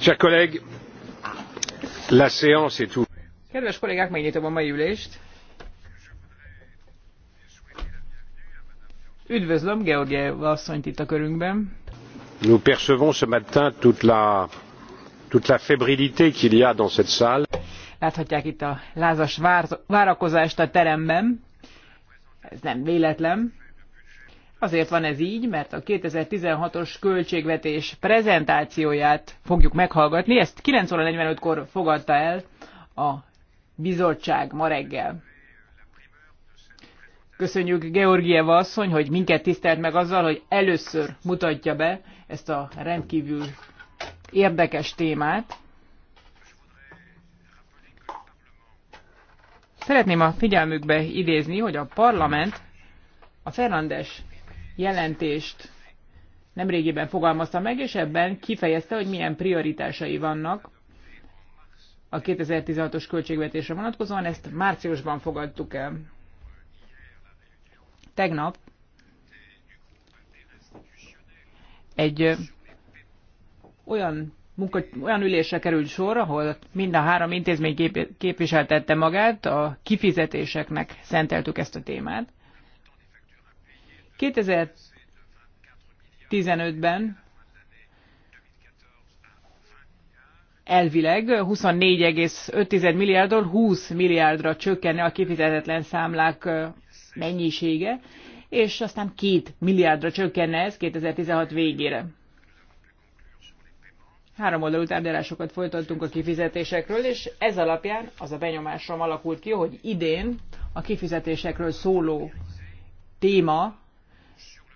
Chers collègues, la séance est ouverte. Kedves kollégák, megnyitom a mai ülést. Üdvözlöm Georgieva asszonyt itt a körünkben. Nous percevons ce matin toute la, toute la fébrilité qu'il y a dans cette salle. Láthatják itt a lázas várakozást a teremben. Ez nem véletlen Azért van ez így, mert a 2016-os költségvetés prezentációját fogjuk meghallgatni. Ezt 9 óra 45-kor fogadta el a bizottság ma reggel. Köszönjük Georgieva asszony, hogy minket tisztelt meg azzal, hogy először mutatja be ezt a rendkívül érdekes témát. Szeretném a figyelmükbe idézni, hogy a parlament a Fernandes jelentést nemrégében fogalmazta meg, és ebben kifejezte, hogy milyen prioritásai vannak a 2016-os költségvetésre vonatkozóan, ezt márciusban fogadtuk el. Tegnap egy olyan, munka, olyan ülésre került sor, ahol mind a három intézmény képviseltette magát, a kifizetéseknek szenteltük ezt a témát. 2015-ben elvileg 24,5 milliárdról 20 milliárdra csökkenne a kifizetetlen számlák mennyisége, és aztán 2 milliárdra csökkenne ez 2016 végére. Három oldalú tárgyalásokat folytattunk a kifizetésekről, és ez alapján az a benyomásom alakult ki, hogy idén a kifizetésekről szóló téma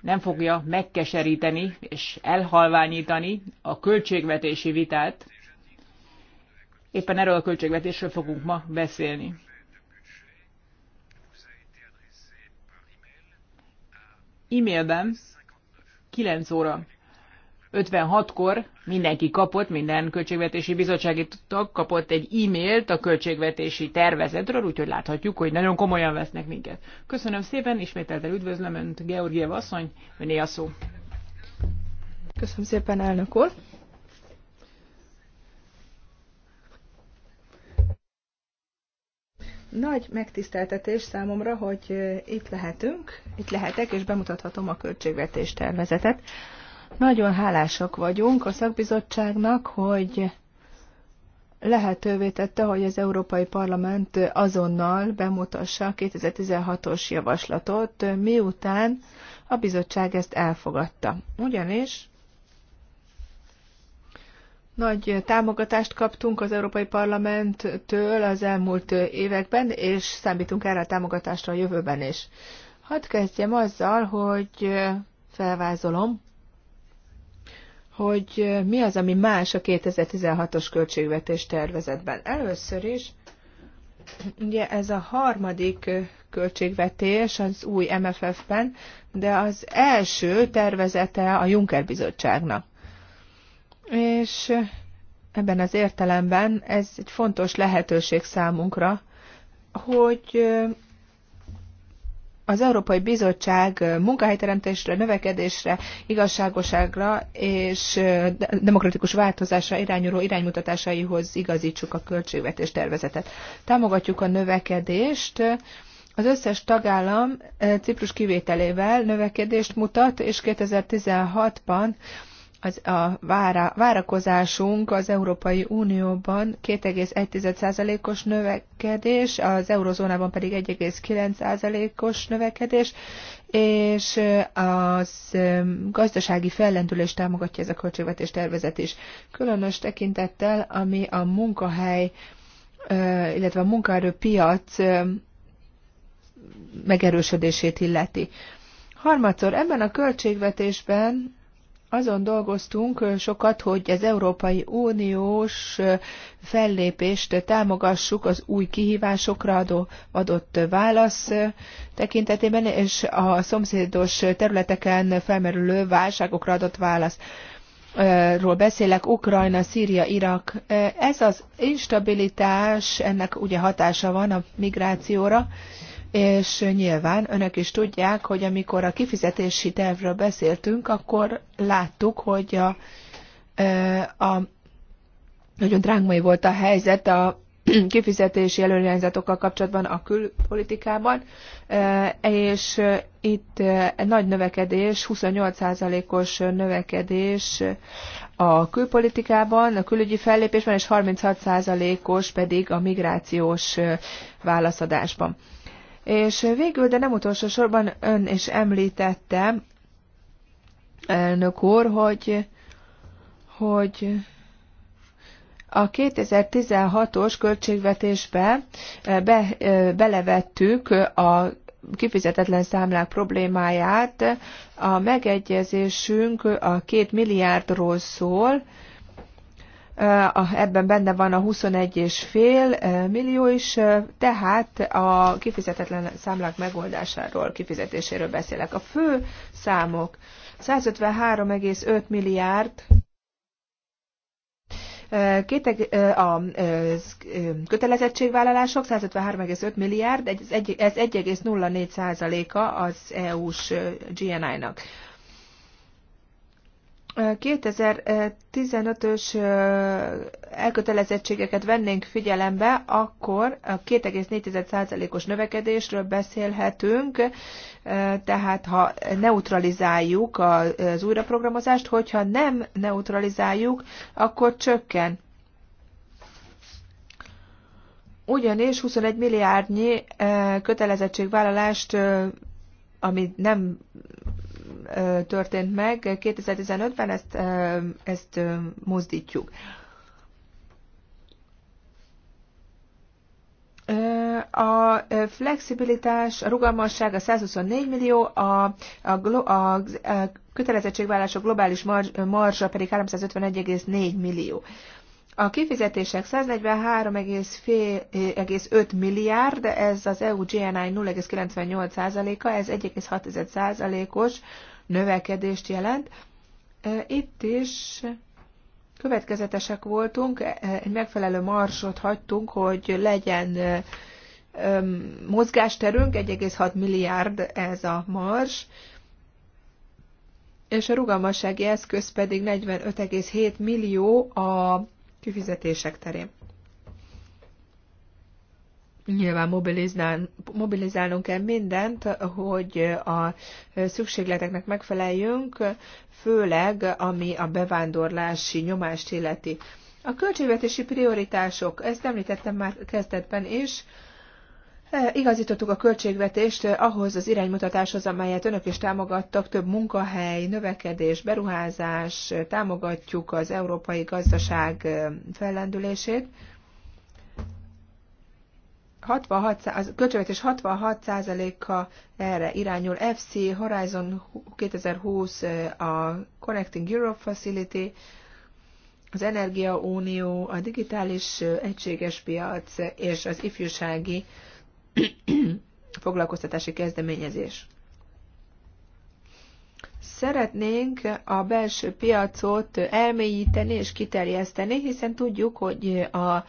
nem fogja megkeseríteni és elhalványítani a költségvetési vitát. Éppen erről a költségvetésről fogunk ma beszélni. E-mailben 9 óra 56-kor mindenki kapott, minden költségvetési bizottsági tag kapott egy e-mailt a költségvetési tervezetről, úgyhogy láthatjuk, hogy nagyon komolyan vesznek minket. Köszönöm szépen, ismételten üdvözlöm Önt, Georgie Vasszony, Öné a szó. Köszönöm szépen, elnök úr. Nagy megtiszteltetés számomra, hogy itt lehetünk, itt lehetek, és bemutathatom a költségvetés tervezetet nagyon hálásak vagyunk a szakbizottságnak, hogy lehetővé tette, hogy az Európai Parlament azonnal bemutassa a 2016-os javaslatot, miután a bizottság ezt elfogadta. Ugyanis nagy támogatást kaptunk az Európai Parlamenttől az elmúlt években, és számítunk erre a támogatásra a jövőben is. Hadd kezdjem azzal, hogy felvázolom, hogy mi az, ami más a 2016-os költségvetés tervezetben. Először is, ugye ez a harmadik költségvetés az új MFF-ben, de az első tervezete a Juncker Bizottságnak. És ebben az értelemben ez egy fontos lehetőség számunkra, hogy az Európai Bizottság munkahelyteremtésre, növekedésre, igazságoságra és demokratikus változásra irányuló iránymutatásaihoz igazítsuk a költségvetés tervezetet. Támogatjuk a növekedést, az összes tagállam Ciprus kivételével növekedést mutat, és 2016-ban az a vára, várakozásunk az Európai Unióban 2,1%-os növekedés, az eurozónában pedig 1,9%-os növekedés, és az gazdasági fellendülést támogatja ez a költségvetés tervezet is. Különös tekintettel, ami a munkahely, illetve a munkaerőpiac megerősödését illeti. Harmadszor ebben a költségvetésben azon dolgoztunk sokat, hogy az Európai Uniós fellépést támogassuk az új kihívásokra adó, adott válasz tekintetében, és a szomszédos területeken felmerülő válságokra adott válasz ról beszélek, Ukrajna, Szíria, Irak. Ez az instabilitás, ennek ugye hatása van a migrációra, és nyilván önök is tudják, hogy amikor a kifizetési tervről beszéltünk, akkor láttuk, hogy a, a nagyon drámai volt a helyzet a kifizetési előirányzatokkal kapcsolatban a külpolitikában, és itt nagy növekedés, 28%-os növekedés a külpolitikában, a külügyi fellépésben, és 36%-os pedig a migrációs válaszadásban. És végül, de nem utolsó sorban ön is említette, elnök úr, hogy, hogy a 2016-os költségvetésbe eh, be, eh, belevettük a kifizetetlen számlák problémáját. A megegyezésünk a két milliárdról szól, Eh, ebben benne van a 21,5 eh, millió is, eh, tehát a kifizetetlen számlák megoldásáról, kifizetéséről beszélek. A fő számok 153,5 milliárd, Kétek, a kötelezettségvállalások 153,5 milliárd, ez 1,04 százaléka az EU-s GNI-nak. 2015-ös elkötelezettségeket vennénk figyelembe, akkor a 2,4%-os növekedésről beszélhetünk, tehát ha neutralizáljuk az újraprogramozást, hogyha nem neutralizáljuk, akkor csökken. Ugyanis 21 milliárdnyi kötelezettségvállalást ami nem történt meg 2015-ben, ezt, ezt mozdítjuk. A flexibilitás, a rugalmasság a 124 millió, a, a, a, a kötelezettségvállások globális marzsa pedig 351,4 millió. A kifizetések 143,5 milliárd, ez az EU GNI 0,98%-a, ez 1,6%-os növekedést jelent. Itt is következetesek voltunk, e, e, egy megfelelő marsot hagytunk, hogy legyen mozgásterünk, 1,6 milliárd ez a mars, és a rugalmassági eszköz pedig 45,7 millió a kifizetések terén. Nyilván mobilizálnunk kell mindent, hogy a szükségleteknek megfeleljünk, főleg ami a bevándorlási nyomást illeti. A költségvetési prioritások, ezt említettem már kezdetben is, e, Igazítottuk a költségvetést ahhoz az iránymutatáshoz, amelyet önök is támogattak, több munkahely, növekedés, beruházás, támogatjuk az európai gazdaság e, fellendülését. 66, az 66%-a erre irányul. FC, Horizon 2020, a Connecting Europe Facility, az energia unió a digitális egységes piac és az ifjúsági foglalkoztatási kezdeményezés. Szeretnénk a belső piacot elmélyíteni és kiterjeszteni, hiszen tudjuk, hogy a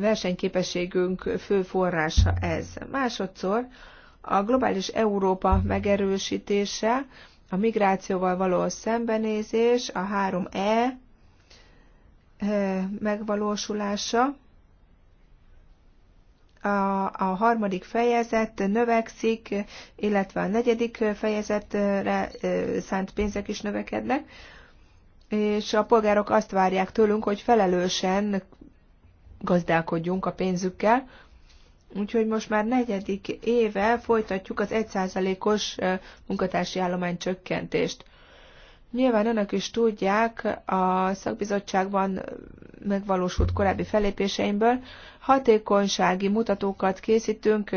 versenyképességünk fő forrása ez. Másodszor a globális Európa megerősítése, a migrációval való szembenézés, a 3E eh, megvalósulása, a, a harmadik fejezet növekszik, illetve a negyedik fejezetre eh, szánt pénzek is növekednek, és a polgárok azt várják tőlünk, hogy felelősen gazdálkodjunk a pénzükkel. Úgyhogy most már negyedik éve folytatjuk az 1%-os munkatársi állomány csökkentést. Nyilván önök is tudják, a szakbizottságban megvalósult korábbi felépéseimből hatékonysági mutatókat készítünk,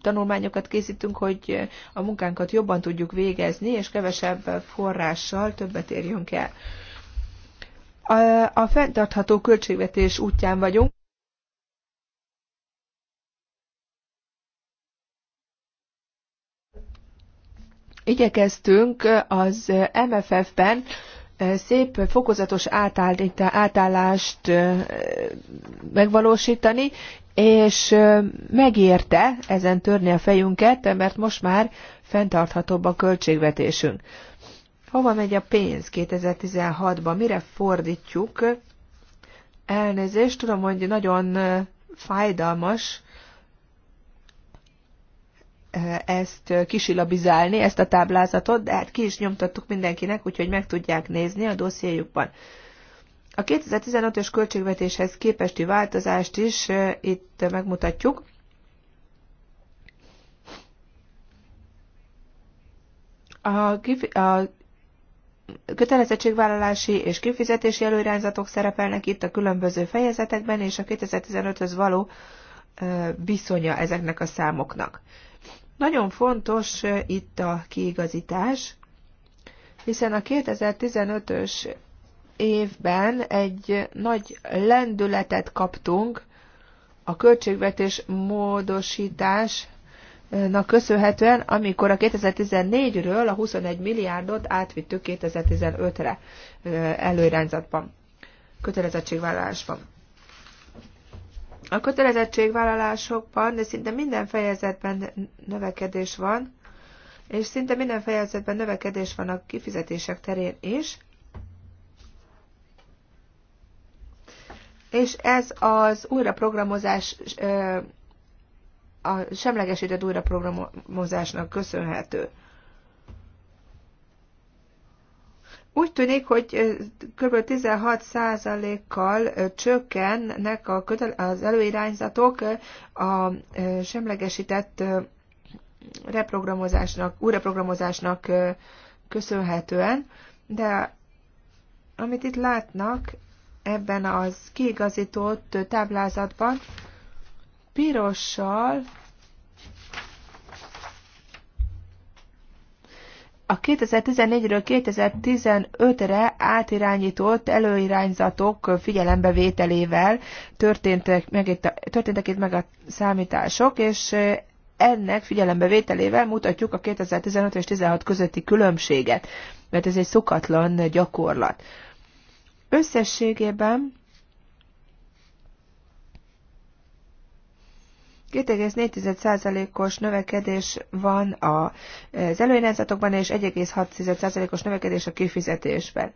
tanulmányokat készítünk, hogy a munkánkat jobban tudjuk végezni, és kevesebb forrással többet érjünk el a fenntartható költségvetés útján vagyunk. Igyekeztünk az MFF-ben szép fokozatos átállást megvalósítani, és megérte ezen törni a fejünket, mert most már fenntarthatóbb a költségvetésünk. Hova megy a pénz 2016-ban? Mire fordítjuk? Elnézést, tudom, hogy nagyon fájdalmas ezt kisilabizálni, ezt a táblázatot, de hát ki is nyomtattuk mindenkinek, úgyhogy meg tudják nézni a dossziéjukban. A 2015-ös költségvetéshez képesti változást is itt megmutatjuk. A, kötelezettségvállalási és kifizetési előirányzatok szerepelnek itt a különböző fejezetekben, és a 2015-höz való viszonya ezeknek a számoknak. Nagyon fontos itt a kiigazítás, hiszen a 2015-ös évben egy nagy lendületet kaptunk a költségvetés módosítás Na köszönhetően, amikor a 2014-ről a 21 milliárdot átvittük 2015-re előirányzatban, kötelezettségvállalásban. A kötelezettségvállalásokban, de szinte minden fejezetben növekedés van, és szinte minden fejezetben növekedés van a kifizetések terén is. És ez az újraprogramozás a semlegesített újraprogramozásnak köszönhető. Úgy tűnik, hogy kb. 16%-kal csökkennek a kötele, az előirányzatok a semlegesített reprogramozásnak, újraprogramozásnak köszönhetően, de amit itt látnak ebben az kiigazított táblázatban, pirossal a 2014-ről 2015-re átirányított előirányzatok figyelembevételével történtek meg itt a, történtek itt meg a számítások, és ennek figyelembevételével mutatjuk a 2015 és 16 közötti különbséget, mert ez egy szokatlan gyakorlat. Összességében 2,4%-os növekedés van az előirányzatokban, és 1,6%-os növekedés a kifizetésben.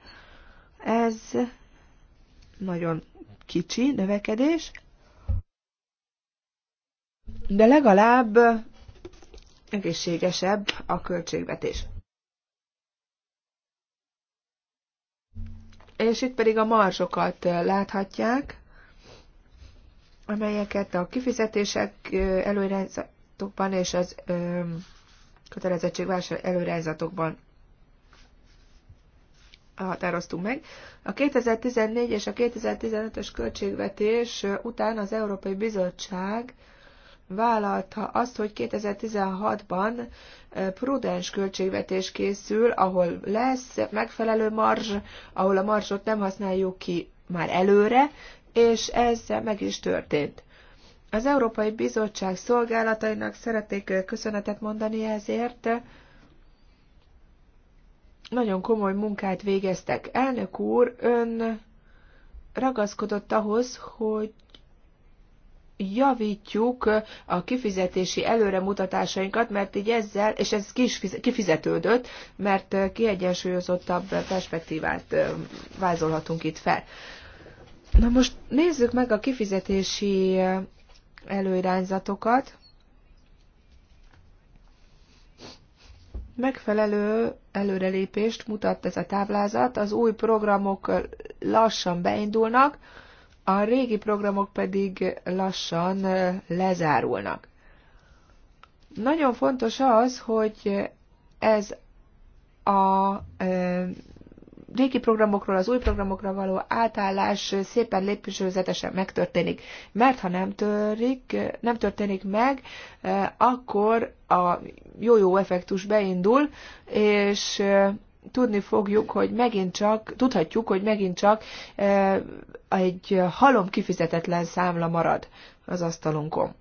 Ez nagyon kicsi növekedés, de legalább egészségesebb a költségvetés. És itt pedig a marzsokat láthatják amelyeket a kifizetések előirányzatokban és az kötelezettségvásár előirányzatokban határoztunk meg. A 2014 és a 2015-ös költségvetés után az Európai Bizottság vállalta azt, hogy 2016-ban prudens költségvetés készül, ahol lesz megfelelő marzs, ahol a marzsot nem használjuk ki már előre, és ez meg is történt. Az Európai Bizottság szolgálatainak szeretnék köszönetet mondani ezért. Nagyon komoly munkát végeztek. Elnök úr, ön ragaszkodott ahhoz, hogy javítjuk a kifizetési előremutatásainkat, mert így ezzel, és ez kifizetődött, mert kiegyensúlyozottabb perspektívát vázolhatunk itt fel. Na most nézzük meg a kifizetési eh, előirányzatokat. Megfelelő előrelépést mutat ez a táblázat, az új programok lassan beindulnak, a régi programok pedig lassan eh, lezárulnak. Nagyon fontos az, hogy ez a eh, régi programokról az új programokra való átállás szépen lépésőzetesen megtörténik. Mert ha nem, törik, nem történik meg, eh, akkor a jó-jó effektus beindul, és eh, tudni fogjuk, hogy megint csak, tudhatjuk, hogy megint csak eh, egy halom kifizetetlen számla marad az asztalunkon.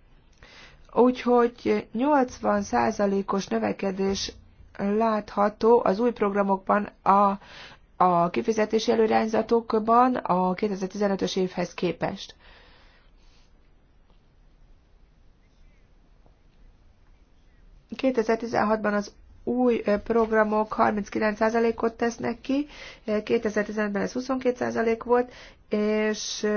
Úgyhogy 80%-os növekedés látható az új programokban a a kifizetési előrányzatokban a 2015-ös évhez képest. ...2016-ban az új programok 39%-ot tesznek ki, 2015-ben ez 22% volt, és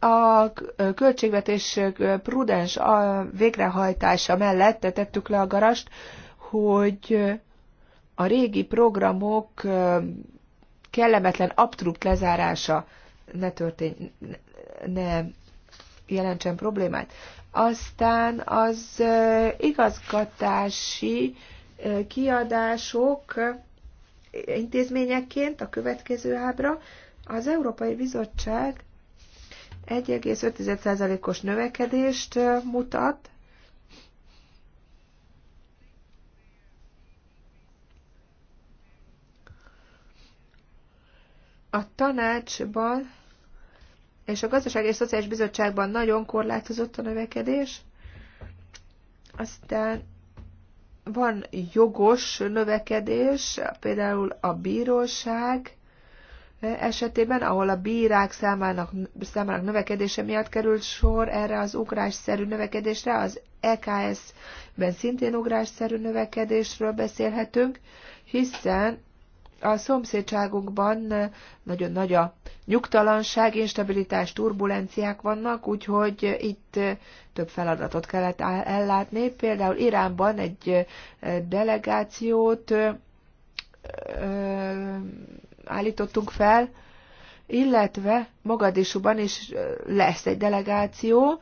a költségvetés prudens végrehajtása mellett tettük le a garast, hogy a régi programok kellemetlen abtrupt lezárása ne történj, ne jelentsen problémát. Aztán az igazgatási kiadások intézményeként a következő ábra az Európai Bizottság 1,5%-os növekedést mutat a tanácsban és a Gazdasági és Szociális Bizottságban nagyon korlátozott a növekedés, aztán van jogos növekedés, például a bíróság esetében, ahol a bírák számának, számának növekedése miatt került sor erre az ugrásszerű növekedésre, az EKS-ben szintén ugrásszerű növekedésről beszélhetünk, hiszen a szomszédságunkban nagyon nagy a nyugtalanság, instabilitás, turbulenciák vannak, úgyhogy itt több feladatot kellett ellátni. Például Iránban egy delegációt állítottunk fel, illetve magadisúban is lesz egy delegáció,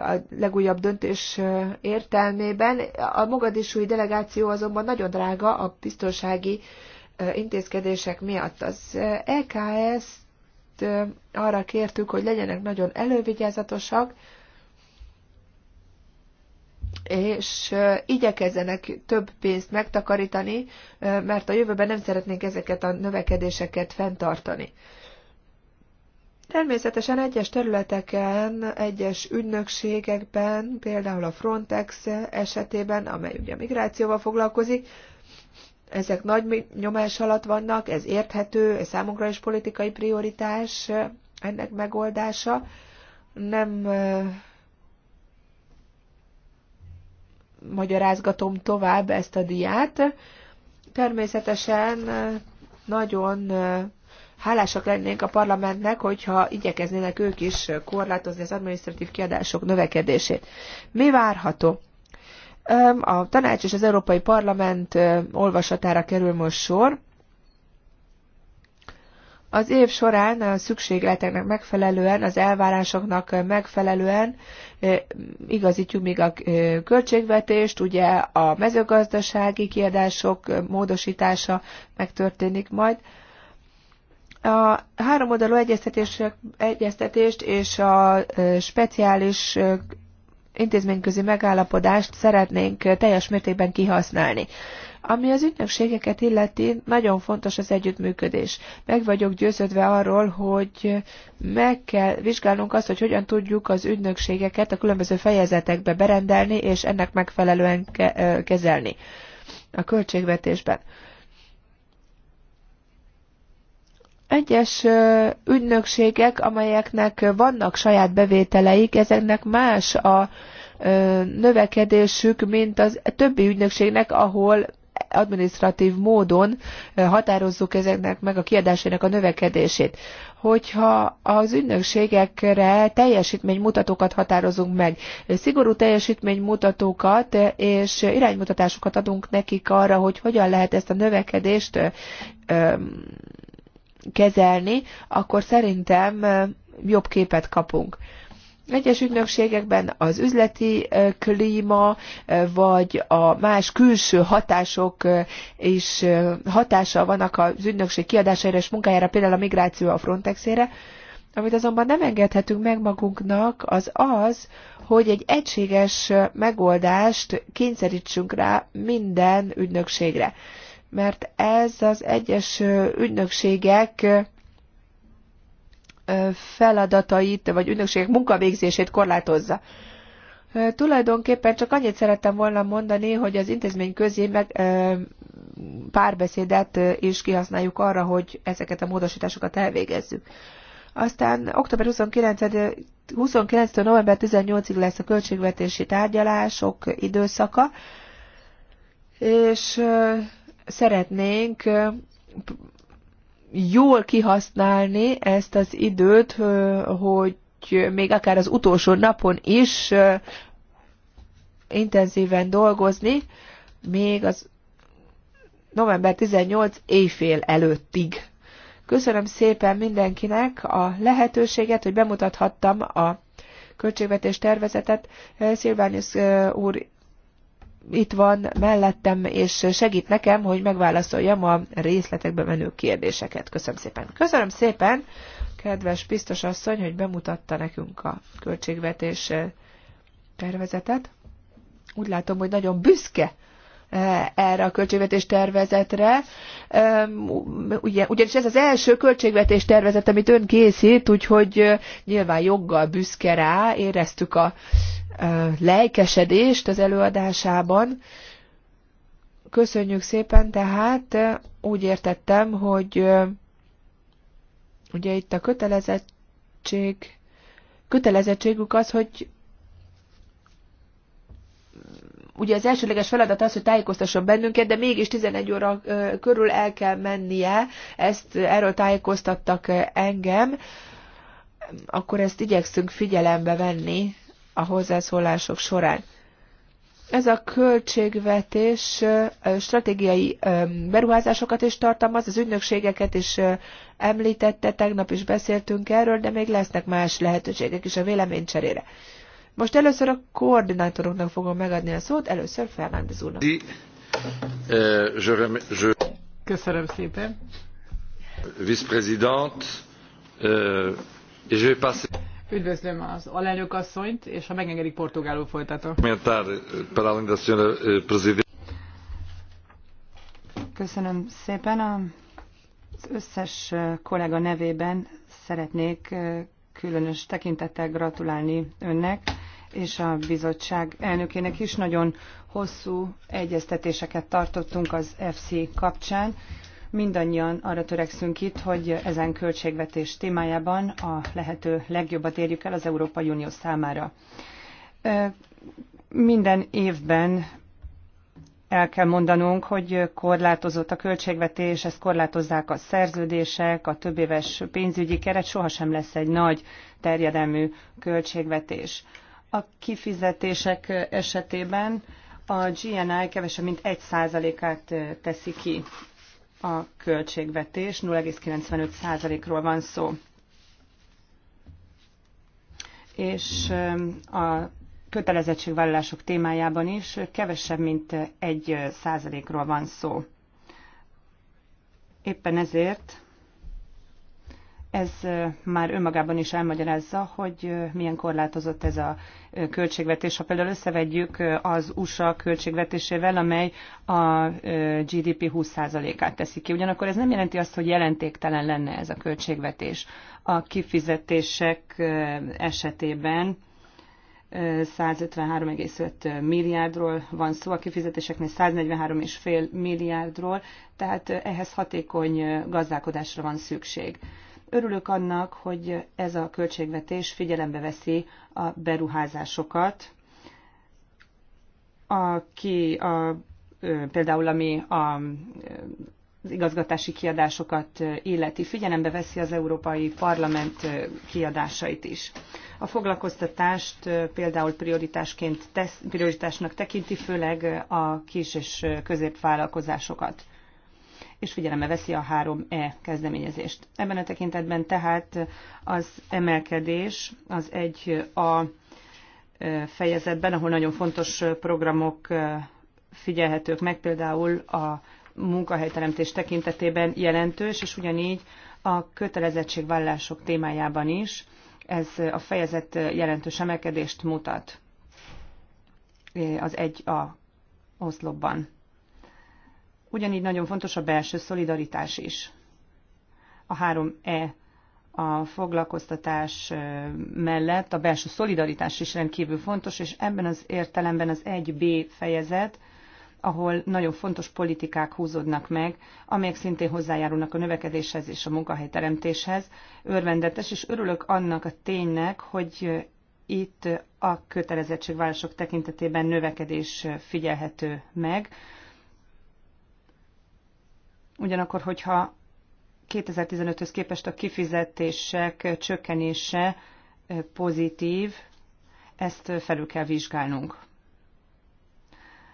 a legújabb döntés értelmében. A mogadisúi delegáció azonban nagyon drága a biztonsági intézkedések miatt. Az EKS-t arra kértük, hogy legyenek nagyon elővigyázatosak, és igyekezzenek több pénzt megtakarítani, mert a jövőben nem szeretnénk ezeket a növekedéseket fenntartani. Természetesen egyes területeken, egyes ügynökségekben, például a Frontex esetében, amely ugye migrációval foglalkozik, ezek nagy nyomás alatt vannak, ez érthető, ez számunkra is politikai prioritás ennek megoldása. Nem magyarázgatom tovább ezt a diát. Természetesen nagyon hálásak lennénk a parlamentnek, hogyha igyekeznének ők is korlátozni az administratív kiadások növekedését. Mi várható? A tanács és az Európai Parlament olvasatára kerül most sor. Az év során a szükségleteknek megfelelően, az elvárásoknak megfelelően igazítjuk még a költségvetést, ugye a mezőgazdasági kiadások módosítása megtörténik majd. A oldalú egyeztetést és a speciális intézményközi megállapodást szeretnénk teljes mértékben kihasználni. Ami az ügynökségeket illeti, nagyon fontos az együttműködés. Meg vagyok győződve arról, hogy meg kell vizsgálnunk azt, hogy hogyan tudjuk az ügynökségeket a különböző fejezetekbe berendelni, és ennek megfelelően kezelni a költségvetésben. Egyes ügynökségek, amelyeknek vannak saját bevételeik, ezeknek más a növekedésük, mint az többi ügynökségnek, ahol adminisztratív módon határozzuk ezeknek meg a kiadásainak a növekedését. Hogyha az ügynökségekre teljesítménymutatókat határozunk meg, szigorú teljesítménymutatókat és iránymutatásokat adunk nekik arra, hogy hogyan lehet ezt a növekedést kezelni, akkor szerintem jobb képet kapunk. Egyes ügynökségekben az üzleti klíma, vagy a más külső hatások is hatása vannak az ügynökség kiadására és munkájára, például a migráció a Frontexére. Amit azonban nem engedhetünk meg magunknak, az az, hogy egy egységes megoldást kényszerítsünk rá minden ügynökségre mert ez az egyes ügynökségek feladatait, vagy ügynökségek munkavégzését korlátozza. Tulajdonképpen csak annyit szerettem volna mondani, hogy az intézmény közé meg, párbeszédet is kihasználjuk arra, hogy ezeket a módosításokat elvégezzük. Aztán október 29 29-től november 18-ig lesz a költségvetési tárgyalások időszaka, és szeretnénk jól kihasználni ezt az időt, hogy még akár az utolsó napon is intenzíven dolgozni, még az november 18 éjfél előttig. Köszönöm szépen mindenkinek a lehetőséget, hogy bemutathattam a költségvetés tervezetet. Szilvánius úr itt van mellettem, és segít nekem, hogy megválaszoljam a részletekbe menő kérdéseket. Köszönöm szépen. Köszönöm szépen, kedves biztos asszony, hogy bemutatta nekünk a költségvetés tervezetet. Úgy látom, hogy nagyon büszke erre a költségvetés tervezetre. Ugye, ugyanis ez az első költségvetés tervezet, amit ön készít, úgyhogy nyilván joggal büszke rá, éreztük a lelkesedést az előadásában. Köszönjük szépen, tehát úgy értettem, hogy ugye itt a kötelezettség, kötelezettségük az, hogy Ugye az elsőleges feladat az, hogy tájékoztasson bennünket, de mégis 11 óra körül el kell mennie, ezt erről tájékoztattak engem, akkor ezt igyekszünk figyelembe venni a hozzászólások során. Ez a költségvetés stratégiai beruházásokat is tartalmaz, az ügynökségeket is említette, tegnap is beszéltünk erről, de még lesznek más lehetőségek is a véleménycserére. Most először a koordinátoroknak fogom megadni a szót, először Fernández úrnak. Eh, Köszönöm szépen. vice Presidente, és eh, je passe... Üdvözlöm az alelnök asszonyt, és ha megengedik, portugálul folytatom. Eh, Köszönöm szépen. Az összes kollega nevében szeretnék különös tekintettel gratulálni önnek és a bizottság elnökének is nagyon hosszú egyeztetéseket tartottunk az FC kapcsán. Mindannyian arra törekszünk itt, hogy ezen költségvetés témájában a lehető legjobbat érjük el az Európai Unió számára. Minden évben el kell mondanunk, hogy korlátozott a költségvetés, ezt korlátozzák a szerződések, a többéves pénzügyi keret, sohasem lesz egy nagy terjedelmű költségvetés. A kifizetések esetében a GNI kevesebb mint 1%-át teszi ki a költségvetés, 0,95%-ról van szó. És a kötelezettségvállalások témájában is kevesebb, mint 1%-ról van szó. Éppen ezért ez már önmagában is elmagyarázza, hogy milyen korlátozott ez a költségvetés. Ha például összevegyük az USA költségvetésével, amely a GDP 20%-át teszi ki. Ugyanakkor ez nem jelenti azt, hogy jelentéktelen lenne ez a költségvetés. A kifizetések esetében 153,5 milliárdról van szó, a kifizetéseknél 143,5 milliárdról, tehát ehhez hatékony gazdálkodásra van szükség. Örülök annak, hogy ez a költségvetés figyelembe veszi a beruházásokat, aki a, például ami a az igazgatási kiadásokat illeti, figyelembe veszi az Európai Parlament kiadásait is. A foglalkoztatást például prioritásként tesz, prioritásnak tekinti, főleg a kis és középvállalkozásokat és figyelembe veszi a 3E kezdeményezést. Ebben a tekintetben tehát az emelkedés az egy a fejezetben, ahol nagyon fontos programok figyelhetők meg, például a munkahelyteremtés tekintetében jelentős, és ugyanígy a kötelezettségvállások témájában is ez a fejezet jelentős emelkedést mutat az egy a oszlopban. Ugyanígy nagyon fontos a belső szolidaritás is. A 3E a foglalkoztatás mellett a belső szolidaritás is rendkívül fontos, és ebben az értelemben az 1B fejezet, ahol nagyon fontos politikák húzódnak meg, amelyek szintén hozzájárulnak a növekedéshez és a munkahelyteremtéshez. Örvendetes, és örülök annak a ténynek, hogy itt a kötelezettségvállások tekintetében növekedés figyelhető meg, Ugyanakkor, hogyha 2015-höz képest a kifizetések csökkenése pozitív, ezt felül kell vizsgálnunk.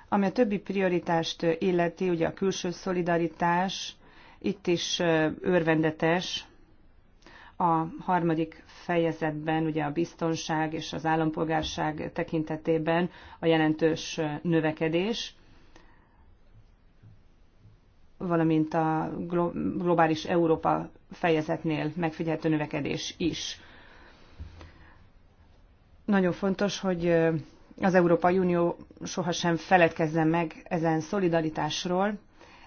Ami a többi prioritást illeti, ugye a külső szolidaritás, itt is örvendetes, a harmadik fejezetben, ugye a biztonság és az állampolgárság tekintetében a jelentős növekedés valamint a globális Európa fejezetnél megfigyelhető növekedés is. Nagyon fontos, hogy az Európai Unió sohasem feledkezzen meg ezen szolidaritásról,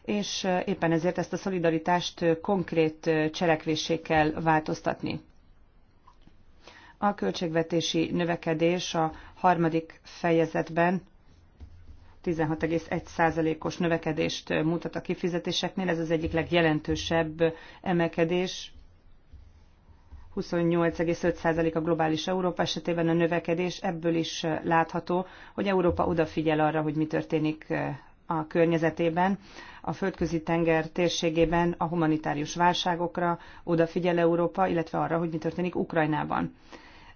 és éppen ezért ezt a szolidaritást konkrét cselekvésé kell változtatni. A költségvetési növekedés a harmadik fejezetben 16,1%-os növekedést mutat a kifizetéseknél, ez az egyik legjelentősebb emelkedés. 28,5% a globális Európa esetében a növekedés, ebből is látható, hogy Európa odafigyel arra, hogy mi történik a környezetében, a földközi tenger térségében a humanitárius válságokra odafigyel Európa, illetve arra, hogy mi történik Ukrajnában.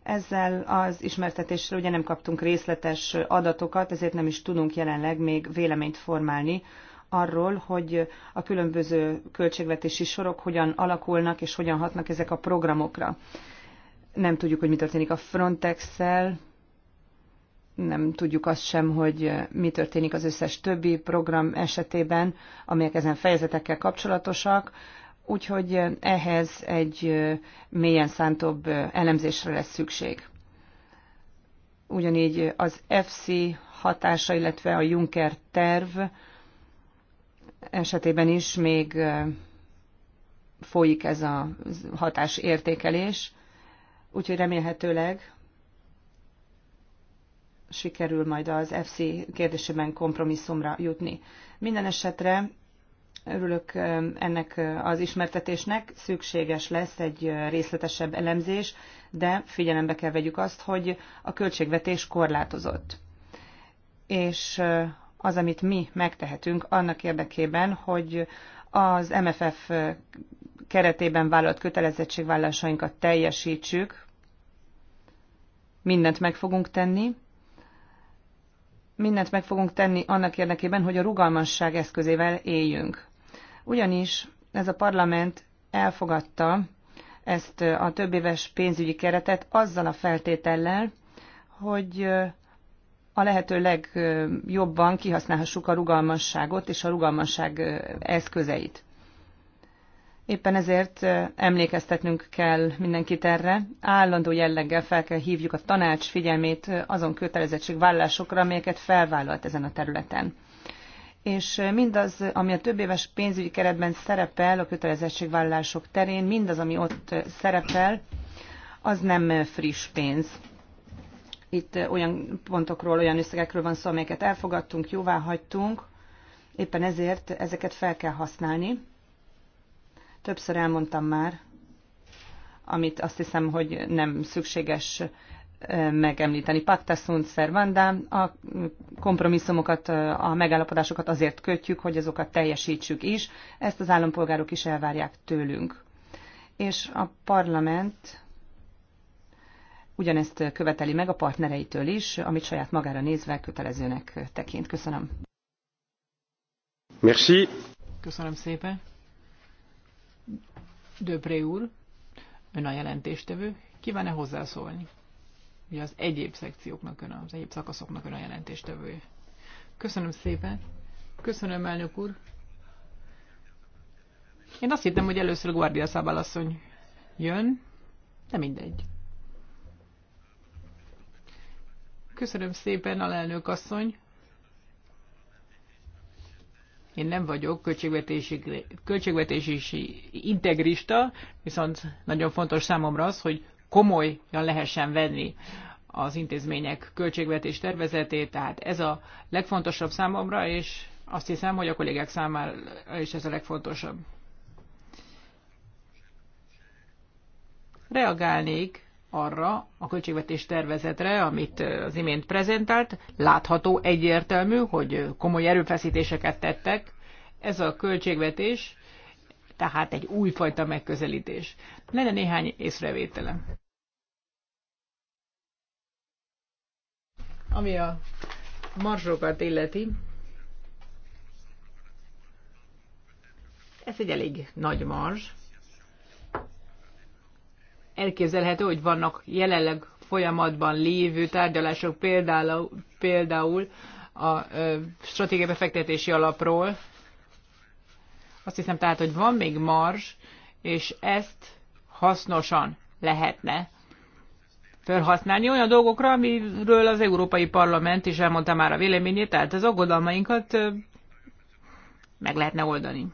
Ezzel az ismertetésre ugye nem kaptunk részletes adatokat, ezért nem is tudunk jelenleg még véleményt formálni arról, hogy a különböző költségvetési sorok hogyan alakulnak és hogyan hatnak ezek a programokra. Nem tudjuk, hogy mi történik a Frontex-szel, nem tudjuk azt sem, hogy mi történik az összes többi program esetében, amelyek ezen fejezetekkel kapcsolatosak úgyhogy ehhez egy mélyen szántóbb elemzésre lesz szükség. Ugyanígy az FC hatása, illetve a Juncker terv esetében is még folyik ez a hatás értékelés, úgyhogy remélhetőleg sikerül majd az FC kérdésében kompromisszumra jutni. Minden esetre Örülök ennek az ismertetésnek. Szükséges lesz egy részletesebb elemzés, de figyelembe kell vegyük azt, hogy a költségvetés korlátozott. És az, amit mi megtehetünk annak érdekében, hogy az MFF keretében vállalt kötelezettségvállásainkat teljesítsük, mindent meg fogunk tenni, mindent meg fogunk tenni annak érdekében, hogy a rugalmasság eszközével éljünk ugyanis ez a parlament elfogadta ezt a éves pénzügyi keretet azzal a feltétellel, hogy a lehető legjobban kihasználhassuk a rugalmasságot és a rugalmasság eszközeit. Éppen ezért emlékeztetnünk kell mindenkit erre. Állandó jelleggel fel kell hívjuk a tanács figyelmét azon kötelezettségvállásokra, amelyeket felvállalt ezen a területen és eh, mindaz, ami a több éves pénzügyi keretben szerepel a kötelezettségvállalások terén, mindaz, ami ott eh, szerepel, az nem eh, friss pénz. Itt olyan pontokról, olyan összegekről van szó, amelyeket elfogadtunk, jóvá hagytunk, éppen ezért ezeket fel kell használni. Többször elmondtam már, amit azt hiszem, hogy nem szükséges megemlíteni. Pacta sunt servanda, a kompromisszumokat, a megállapodásokat azért kötjük, hogy azokat teljesítsük is. Ezt az állampolgárok is elvárják tőlünk. És a parlament ugyanezt követeli meg a partnereitől is, amit saját magára nézve kötelezőnek tekint. Köszönöm. Merci. Köszönöm szépen. Döbré úr, ön a jelentéstevő, kíván-e hozzászólni? ugye az egyéb szekcióknak ön, az egyéb szakaszoknak ön a jelentéstevője. Köszönöm szépen. Köszönöm, elnök úr. Én azt hittem, hogy először Guardia Szabalasszony jön, de mindegy. Köszönöm szépen, alelnök asszony. Én nem vagyok költségvetési, költségvetési integrista, viszont nagyon fontos számomra az, hogy komolyan lehessen venni az intézmények költségvetés tervezetét, tehát ez a legfontosabb számomra, és azt hiszem, hogy a kollégák számára is ez a legfontosabb. Reagálnék arra a költségvetés tervezetre, amit az imént prezentált. Látható, egyértelmű, hogy komoly erőfeszítéseket tettek. Ez a költségvetés, tehát egy újfajta megközelítés. Lenne néhány észrevételem. Ami a marzsokat illeti, ez egy elég nagy marzs. Elképzelhető, hogy vannak jelenleg folyamatban lévő tárgyalások például, például a stratégiai befektetési alapról. Azt hiszem tehát, hogy van még marzs, és ezt hasznosan lehetne felhasználni olyan dolgokra, amiről az Európai Parlament is elmondta már a véleményét, tehát az aggodalmainkat meg lehetne oldani.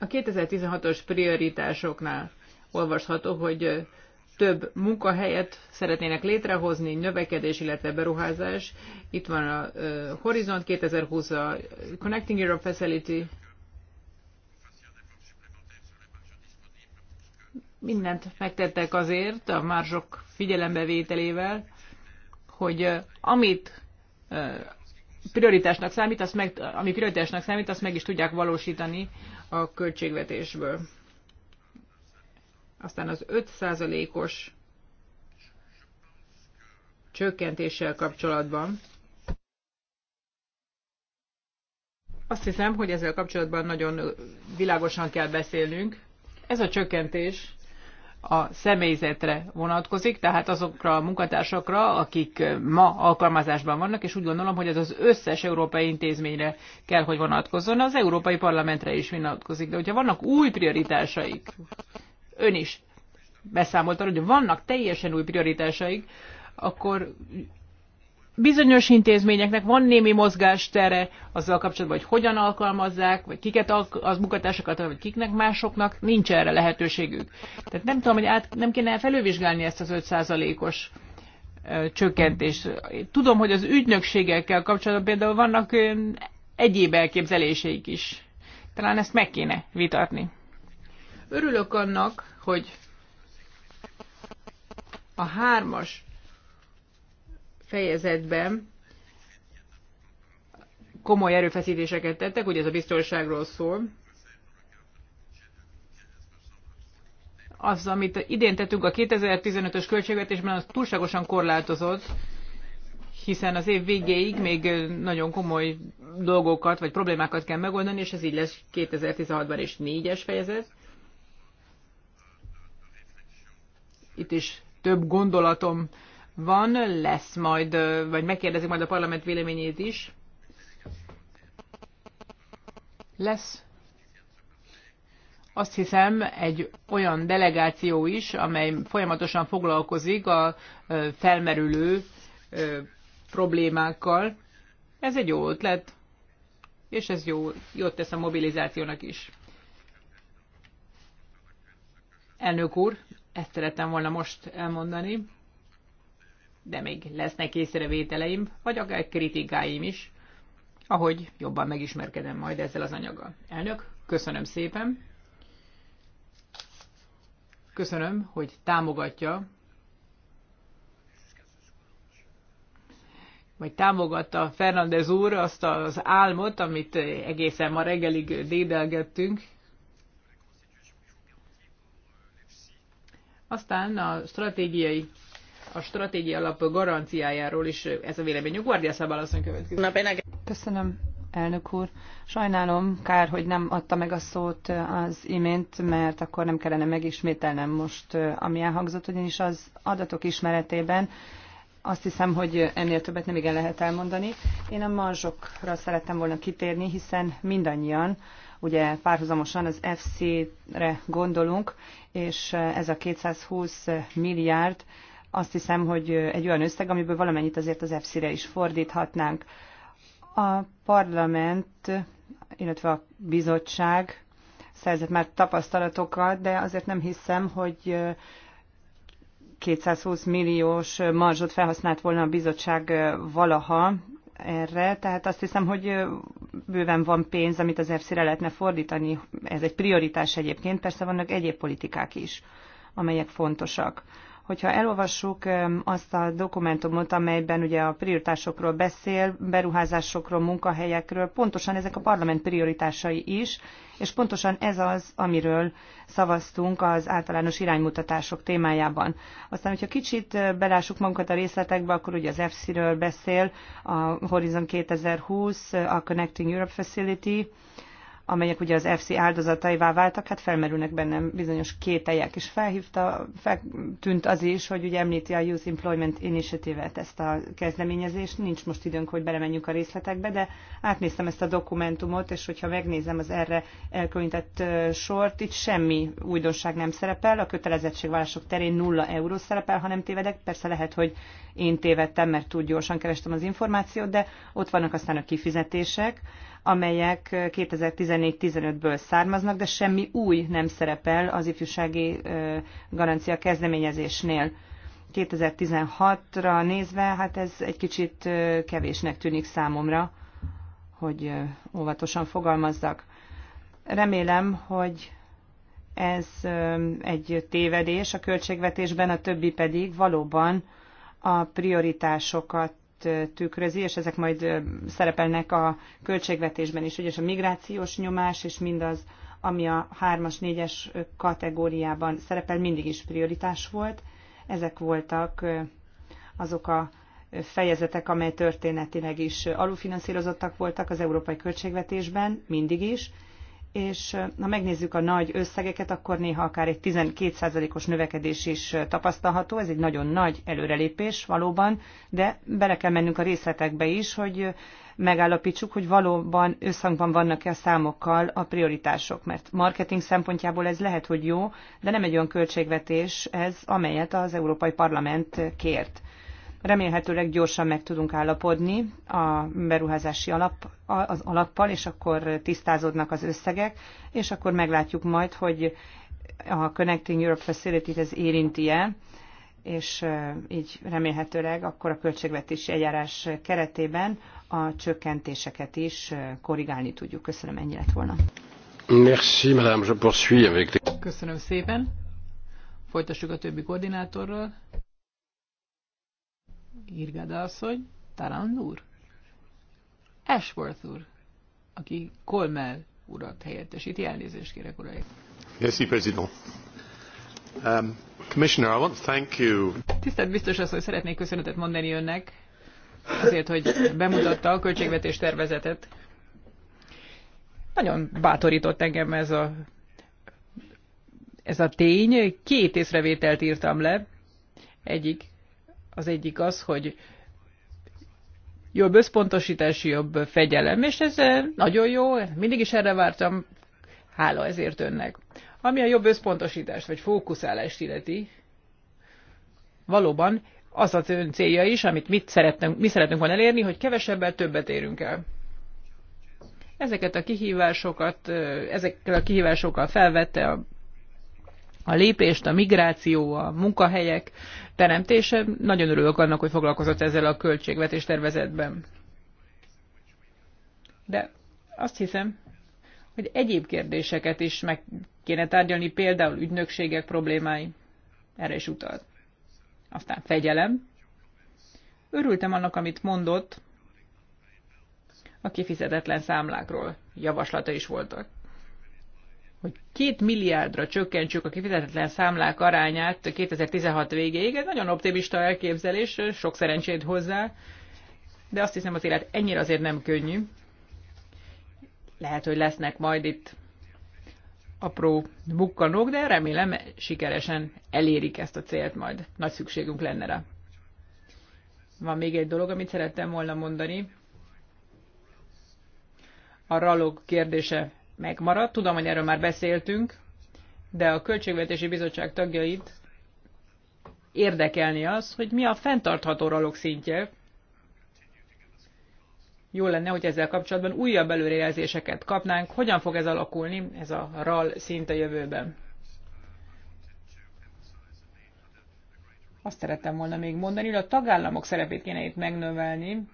A 2016-os prioritásoknál olvasható, hogy több munkahelyet szeretnének létrehozni, növekedés, illetve beruházás. Itt van a Horizont 2020, a Connecting Europe Facility, mindent megtettek azért a márzsok figyelembevételével, hogy amit prioritásnak számít, azt meg, ami prioritásnak számít, azt meg is tudják valósítani a költségvetésből. Aztán az 5%-os csökkentéssel kapcsolatban. Azt hiszem, hogy ezzel kapcsolatban nagyon világosan kell beszélnünk. Ez a csökkentés a személyzetre vonatkozik, tehát azokra a munkatársakra, akik ma alkalmazásban vannak, és úgy gondolom, hogy ez az összes európai intézményre kell, hogy vonatkozzon, az Európai Parlamentre is vonatkozik. De hogyha vannak új prioritásaik, ön is beszámolt arra, hogy vannak teljesen új prioritásaik, akkor bizonyos intézményeknek van némi mozgástere azzal kapcsolatban, hogy hogyan alkalmazzák, vagy kiket az munkatársakat, vagy kiknek másoknak, nincs erre lehetőségük. Tehát nem tudom, hogy át, nem kéne felülvizsgálni ezt az 5%-os csökkentést. Tudom, hogy az ügynökségekkel kapcsolatban például vannak egyéb elképzeléseik is. Talán ezt meg kéne vitatni. Örülök annak, hogy a hármas fejezetben komoly erőfeszítéseket tettek, ugye ez a biztonságról szól. Az, amit idén tettünk a 2015-ös költségvetésben, az túlságosan korlátozott, hiszen az év végéig még nagyon komoly dolgokat vagy problémákat kell megoldani, és ez így lesz 2016-ban is négyes fejezet. Itt is több gondolatom van, lesz majd, vagy megkérdezik majd a parlament véleményét is. Lesz azt hiszem egy olyan delegáció is, amely folyamatosan foglalkozik a felmerülő problémákkal. Ez egy jó ötlet, és ez jó, jót tesz a mobilizációnak is. Elnök úr, ezt szerettem volna most elmondani de még lesznek észrevételeim, vagy akár kritikáim is, ahogy jobban megismerkedem majd ezzel az anyaggal. Elnök, köszönöm szépen! Köszönöm, hogy támogatja, vagy támogatta Fernández úr azt az álmot, amit egészen ma reggelig dédelgettünk. Aztán a stratégiai a stratégia alap garanciájáról is ez a véleményük. Guardia Szabálasszony következik. Köszönöm, elnök úr. Sajnálom, kár, hogy nem adta meg a szót az imént, mert akkor nem kellene megismételnem most, ami elhangzott, ugyanis az adatok ismeretében azt hiszem, hogy ennél többet nem igen lehet elmondani. Én a marzsokra szerettem volna kitérni, hiszen mindannyian ugye párhuzamosan az FC-re gondolunk, és ez a 220 milliárd azt hiszem, hogy egy olyan összeg, amiből valamennyit azért az EFSZ-re is fordíthatnánk. A parlament, illetve a bizottság szerzett már tapasztalatokat, de azért nem hiszem, hogy 220 milliós marzsot felhasznált volna a bizottság valaha erre, tehát azt hiszem, hogy bőven van pénz, amit az EFSZ-re lehetne fordítani. Ez egy prioritás egyébként, persze vannak egyéb politikák is, amelyek fontosak. Hogyha elolvassuk azt a dokumentumot, amelyben ugye a prioritásokról beszél, beruházásokról, munkahelyekről, pontosan ezek a parlament prioritásai is, és pontosan ez az, amiről szavaztunk az általános iránymutatások témájában. Aztán, hogyha kicsit eh, belássuk magunkat a részletekbe, akkor ugye az EFSZ-ről beszél, a Horizon 2020, a Connecting Europe Facility, amelyek ugye az FC áldozataivá váltak, hát felmerülnek bennem bizonyos kételyek, és felhívta, feltűnt az is, hogy ugye említi a Youth Employment Initiative-et, ezt a kezdeményezést, nincs most időnk, hogy belemenjünk a részletekbe, de átnéztem ezt a dokumentumot, és hogyha megnézem az erre elkülönített sort, itt semmi újdonság nem szerepel, a kötelezettségvállások terén nulla euró szerepel, ha nem tévedek, persze lehet, hogy én tévedtem, mert túl gyorsan kerestem az információt, de ott vannak aztán a kifizetések, amelyek 2014-15-ből származnak, de semmi új nem szerepel az ifjúsági garancia kezdeményezésnél. 2016-ra nézve, hát ez egy kicsit kevésnek tűnik számomra, hogy óvatosan fogalmazzak. Remélem, hogy ez egy tévedés a költségvetésben, a többi pedig valóban a prioritásokat tükrözi, és ezek majd szerepelnek a költségvetésben is, ugye a migrációs nyomás és mindaz, ami a 3-as, 4-es kategóriában szerepel, mindig is prioritás volt. Ezek voltak azok a fejezetek, amely történetileg is alufinanszírozottak voltak az európai költségvetésben, mindig is, és ha megnézzük a nagy összegeket, akkor néha akár egy 12%-os növekedés is tapasztalható. Ez egy nagyon nagy előrelépés valóban, de bele kell mennünk a részletekbe is, hogy megállapítsuk, hogy valóban összhangban vannak-e a számokkal a prioritások, mert marketing szempontjából ez lehet, hogy jó, de nem egy olyan költségvetés ez, amelyet az Európai Parlament kért. Remélhetőleg gyorsan meg tudunk állapodni a beruházási alap, az alappal, és akkor tisztázódnak az összegek, és akkor meglátjuk majd, hogy a Connecting Europe facility ez érinti-e, és így remélhetőleg akkor a költségvetési eljárás keretében a csökkentéseket is korrigálni tudjuk. Köszönöm, ennyi lett volna. Merci, madame. Je poursuis avec... Köszönöm szépen. Folytassuk a többi koordinátorral. Irgada asszony, talán úr, Ashworth úr, aki Colmel urat helyettesíti. Elnézést kérek, uraim. Yes, President. Um, Commissioner, I want to thank you. Tisztelt biztos asszony, szeretnék köszönetet mondani önnek azért, hogy bemutatta a költségvetés tervezetet. Nagyon bátorított engem ez a, ez a tény. Két észrevételt írtam le. Egyik az egyik az, hogy jobb összpontosítás, jobb fegyelem, és ez nagyon jó, mindig is erre vártam, hála ezért önnek. Ami a jobb összpontosítást, vagy fókuszálást illeti, valóban az az ön célja is, amit mit szeretnünk, mi szeretnünk volna elérni, hogy kevesebbel többet érünk el. Ezeket a kihívásokat, ezekkel a kihívásokkal felvette a a lépést, a migráció, a munkahelyek teremtése. Nagyon örülök annak, hogy foglalkozott ezzel a költségvetés tervezetben. De azt hiszem, hogy egyéb kérdéseket is meg kéne tárgyalni, például ügynökségek problémái. Erre is utalt. Aztán fegyelem. Örültem annak, amit mondott a kifizetetlen számlákról. Javaslata is voltak hogy két milliárdra csökkentsük a kifizetetlen számlák arányát 2016 végéig. Ez nagyon optimista elképzelés, sok szerencsét hozzá, de azt hiszem az élet ennyire azért nem könnyű. Lehet, hogy lesznek majd itt apró bukkanók, de remélem sikeresen elérik ezt a célt majd. Nagy szükségünk lenne rá. Van még egy dolog, amit szerettem volna mondani. A ralog kérdése megmaradt. Tudom, hogy erről már beszéltünk, de a Költségvetési Bizottság tagjait érdekelni az, hogy mi a fenntartható ralok szintje. Jó lenne, hogy ezzel kapcsolatban újabb előrejelzéseket kapnánk. Hogyan fog ez alakulni, ez a RAL szint a jövőben? Azt szerettem volna még mondani, hogy a tagállamok szerepét kéne itt megnövelni,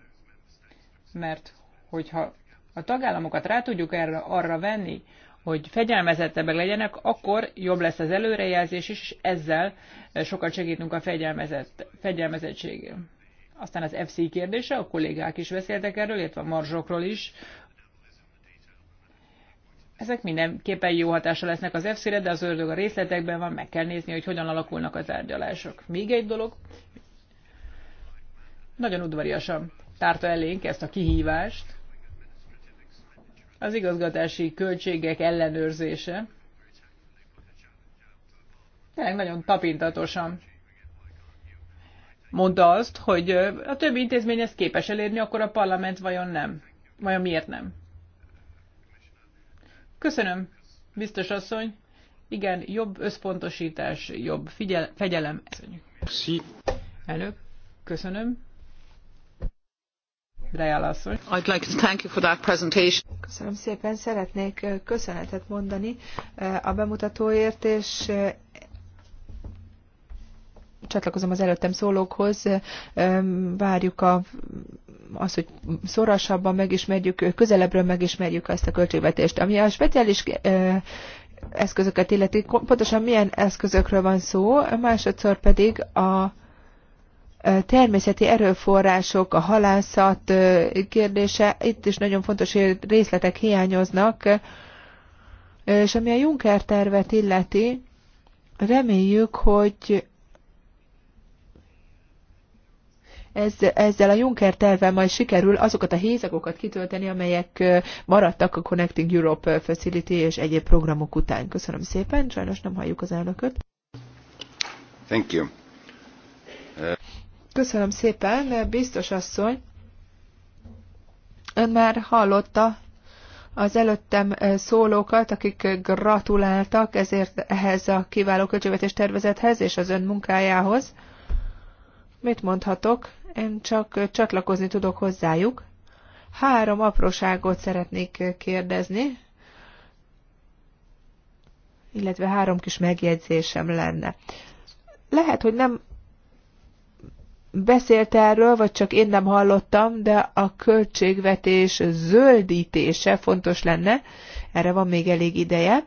mert hogyha a tagállamokat rá tudjuk erre, arra venni, hogy fegyelmezettebbek legyenek, akkor jobb lesz az előrejelzés is, és ezzel e, sokat segítünk a fegyelmezett, fegyelmezettségén. Aztán az FC kérdése, a kollégák is beszéltek erről, illetve a marzsokról is. Ezek mindenképpen jó hatása lesznek az FC-re, de az ördög a részletekben van, meg kell nézni, hogy hogyan alakulnak a tárgyalások. Még egy dolog, nagyon udvariasan tárta elénk ezt a kihívást, az igazgatási költségek ellenőrzése. Tényleg nagyon tapintatosan mondta azt, hogy a többi intézmény ezt képes elérni, akkor a parlament vajon nem? Vajon miért nem? Köszönöm, biztos asszony. Igen, jobb összpontosítás, jobb figyel- fegyelem. Köszönjük. Elnök, köszönöm. Reál asszony. I'd like to thank you for that presentation. Köszönöm szépen, szeretnék köszönetet mondani a bemutatóért, és csatlakozom az előttem szólókhoz, várjuk a, az, hogy szorosabban megismerjük, közelebbről megismerjük ezt a költségvetést. Ami a speciális eszközöket illeti, pontosan milyen eszközökről van szó, másodszor pedig a természeti erőforrások, a halászat kérdése, itt is nagyon fontos hogy részletek hiányoznak, és ami a Juncker tervet illeti, reméljük, hogy ez, ezzel a Juncker tervvel majd sikerül azokat a hézagokat kitölteni, amelyek maradtak a Connecting Europe Facility és egyéb programok után. Köszönöm szépen, sajnos nem halljuk az elnököt. Thank you. Köszönöm szépen, biztos asszony. Ön már hallotta az előttem eh, szólókat, akik gratuláltak ezért ehhez a kiváló költségvetés tervezethez és az ön munkájához. Mit mondhatok? Én csak eh, csatlakozni tudok hozzájuk. Három apróságot szeretnék eh, kérdezni, illetve három kis megjegyzésem lenne. Lehet, hogy nem beszélt erről, vagy csak én nem hallottam, de a költségvetés zöldítése fontos lenne, erre van még elég ideje.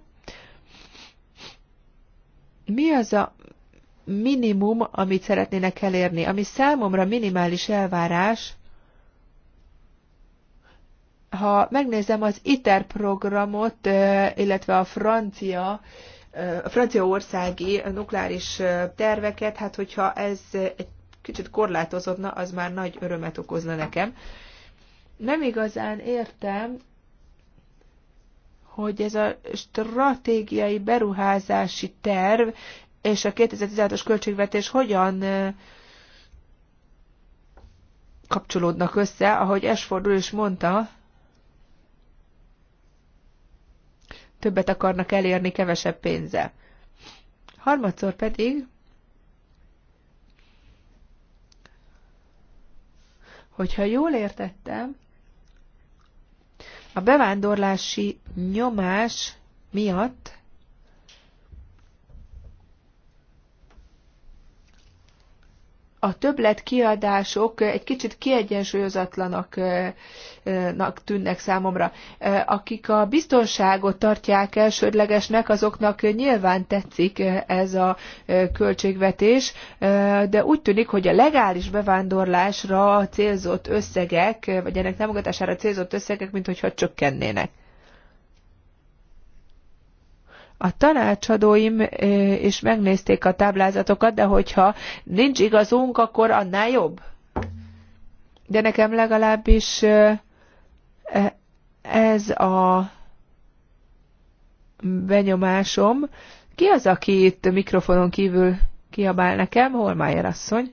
Mi az a minimum, amit szeretnének elérni, ami számomra minimális elvárás, ha megnézem az ITER programot, illetve a francia a franciaországi nukleáris terveket, hát hogyha ez egy kicsit korlátozódna, az már nagy örömet okozna nekem. Nem igazán értem, hogy ez a stratégiai beruházási terv és a 2016-os költségvetés hogyan kapcsolódnak össze, ahogy Esfordul is mondta, többet akarnak elérni kevesebb pénze. Harmadszor pedig Hogyha jól értettem, a bevándorlási nyomás miatt a többlet kiadások egy kicsit kiegyensúlyozatlanak tűnnek számomra. Akik a biztonságot tartják elsődlegesnek, azoknak nyilván tetszik ez a költségvetés, de úgy tűnik, hogy a legális bevándorlásra célzott összegek, vagy ennek támogatására célzott összegek, mintha csökkennének. A tanácsadóim is megnézték a táblázatokat, de hogyha nincs igazunk, akkor annál jobb. De nekem legalábbis e, ez a benyomásom. Ki az, aki itt mikrofonon kívül kiabál nekem? Holmájer asszony.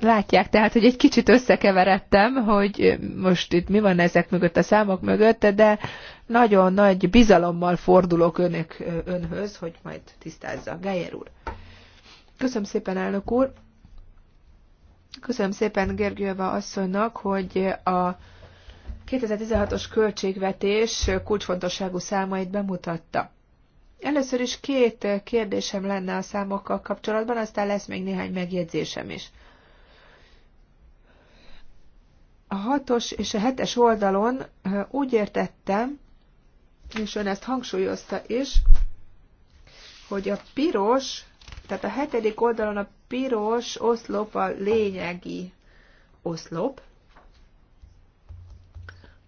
Látják tehát, hogy egy kicsit összekeveredtem, hogy most itt mi van ezek mögött, a számok mögött, de nagyon nagy bizalommal fordulok önök, önhöz, hogy majd tisztázza. Geyer úr. Köszönöm szépen, elnök úr. Köszönöm szépen Gergőva asszonynak, hogy a 2016-os költségvetés kulcsfontosságú számait bemutatta. Először is két kérdésem lenne a számokkal kapcsolatban, aztán lesz még néhány megjegyzésem is. A hatos és a hetes oldalon úgy értettem, és ön ezt hangsúlyozta is, hogy a piros, tehát a hetedik oldalon a piros oszlop a lényegi oszlop,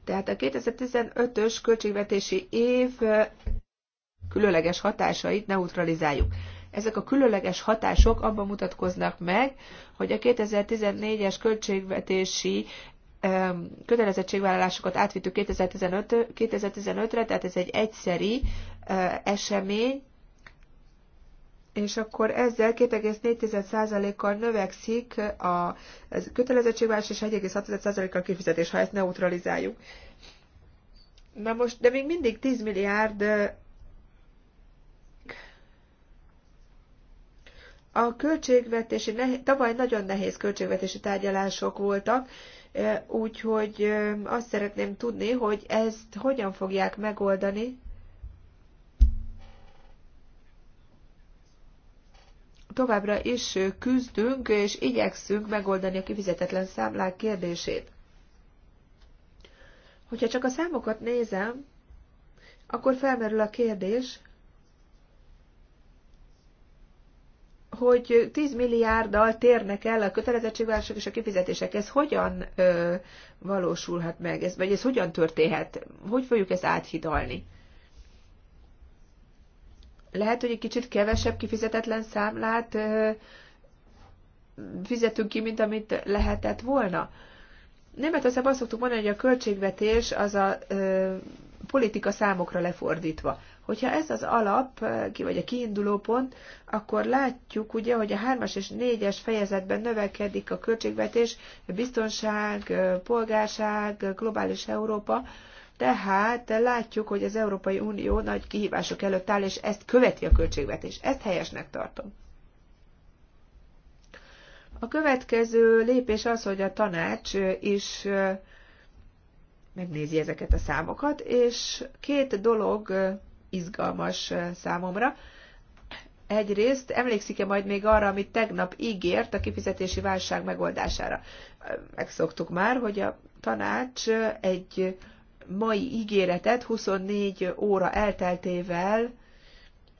tehát a 2015-ös költségvetési év különleges hatásait neutralizáljuk. Ezek a különleges hatások abban mutatkoznak meg, hogy a 2014-es költségvetési kötelezettségvállalásokat átvittük 2015-re, tehát ez egy egyszeri esemény, és akkor ezzel 2,4%-kal növekszik a kötelezettségvállalás, és 1,6%-kal kifizetés, ha ezt neutralizáljuk. Na most, de még mindig 10 milliárd A költségvetési, tavaly nagyon nehéz költségvetési tárgyalások voltak, e, úgyhogy e, azt szeretném tudni, hogy ezt hogyan fogják megoldani. Továbbra is küzdünk és igyekszünk megoldani a kifizetetlen számlák kérdését. Hogyha csak a számokat nézem, akkor felmerül a kérdés, hogy 10 milliárddal térnek el a kötelezettségvállalások és a kifizetések. Ez hogyan ö, valósulhat meg, ez, vagy ez hogyan történhet? Hogy fogjuk ezt áthidalni? Lehet, hogy egy kicsit kevesebb kifizetetlen számlát ö, fizetünk ki, mint amit lehetett volna. Németországban azt szoktuk mondani, hogy a költségvetés az a ö, politika számokra lefordítva. Hogyha ez az alap, eh, ki vagy a kiinduló pont, akkor látjuk ugye, hogy a 3-as és 4-es fejezetben növekedik a költségvetés, biztonság, eh, polgárság, eh, globális Európa, tehát látjuk, hogy az Európai Unió nagy kihívások előtt áll, és ezt követi a költségvetés. Ezt helyesnek tartom. A következő lépés az, hogy a tanács is megnézi ezeket a számokat, és két dolog izgalmas számomra. Egyrészt emlékszik-e majd még arra, amit tegnap ígért a kifizetési válság megoldására? Megszoktuk már, hogy a tanács egy mai ígéretet 24 óra elteltével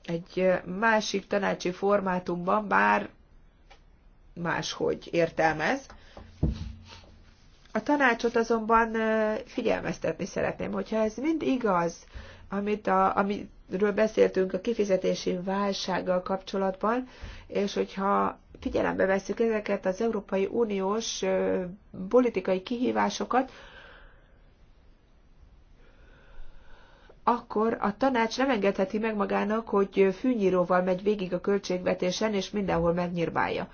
egy másik tanácsi formátumban bár máshogy értelmez. A tanácsot azonban figyelmeztetni szeretném, hogyha ez mind igaz, amit a, amiről beszéltünk a kifizetési válsággal kapcsolatban, és hogyha figyelembe veszük ezeket az Európai Uniós politikai kihívásokat, akkor a tanács nem engedheti meg magának, hogy fűnyíróval megy végig a költségvetésen, és mindenhol megnyírbálja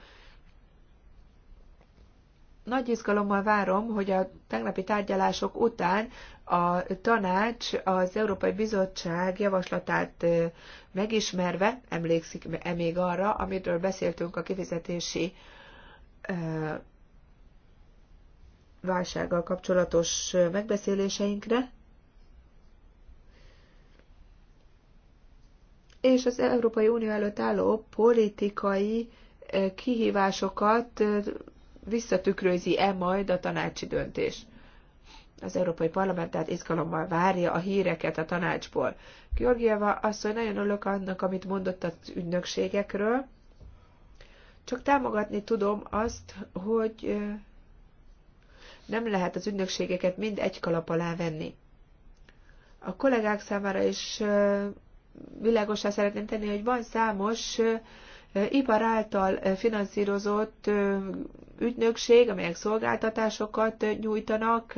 nagy izgalommal várom, hogy a tegnapi tárgyalások után a tanács az Európai Bizottság javaslatát megismerve, emlékszik -e még arra, amiről beszéltünk a kifizetési válsággal kapcsolatos megbeszéléseinkre, és az Európai Unió előtt álló politikai kihívásokat visszatükrözi-e majd a tanácsi döntés. Az Európai Parlament tehát izgalommal várja a híreket a tanácsból. Georgieva asszony, nagyon örülök annak, amit mondott az ügynökségekről. Csak támogatni tudom azt, hogy nem lehet az ügynökségeket mind egy kalap alá venni. A kollégák számára is világosá szeretném tenni, hogy van számos ipar által finanszírozott ügynökség, amelyek szolgáltatásokat nyújtanak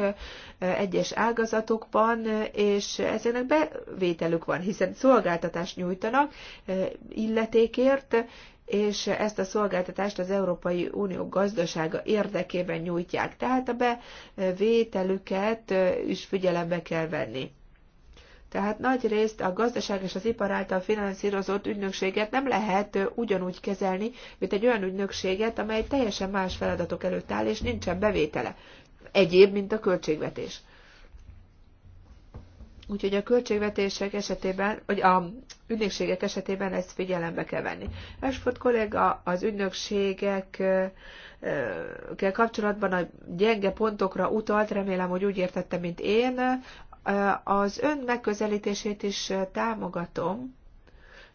egyes ágazatokban, és ezeknek bevételük van, hiszen szolgáltatást nyújtanak illetékért, és ezt a szolgáltatást az Európai Unió gazdasága érdekében nyújtják. Tehát a bevételüket is figyelembe kell venni. Tehát nagy részt a gazdaság és az ipar által finanszírozott ügynökséget nem lehet ugyanúgy kezelni, mint egy olyan ügynökséget, amely teljesen más feladatok előtt áll, és nincsen bevétele. Egyéb, mint a költségvetés. Úgyhogy a költségvetések esetében, vagy a ügynökségek esetében ezt figyelembe kell venni. Esford kolléga az ügynökségekkel kapcsolatban a gyenge pontokra utalt, remélem, hogy úgy értette, mint én, az ön megközelítését is támogatom,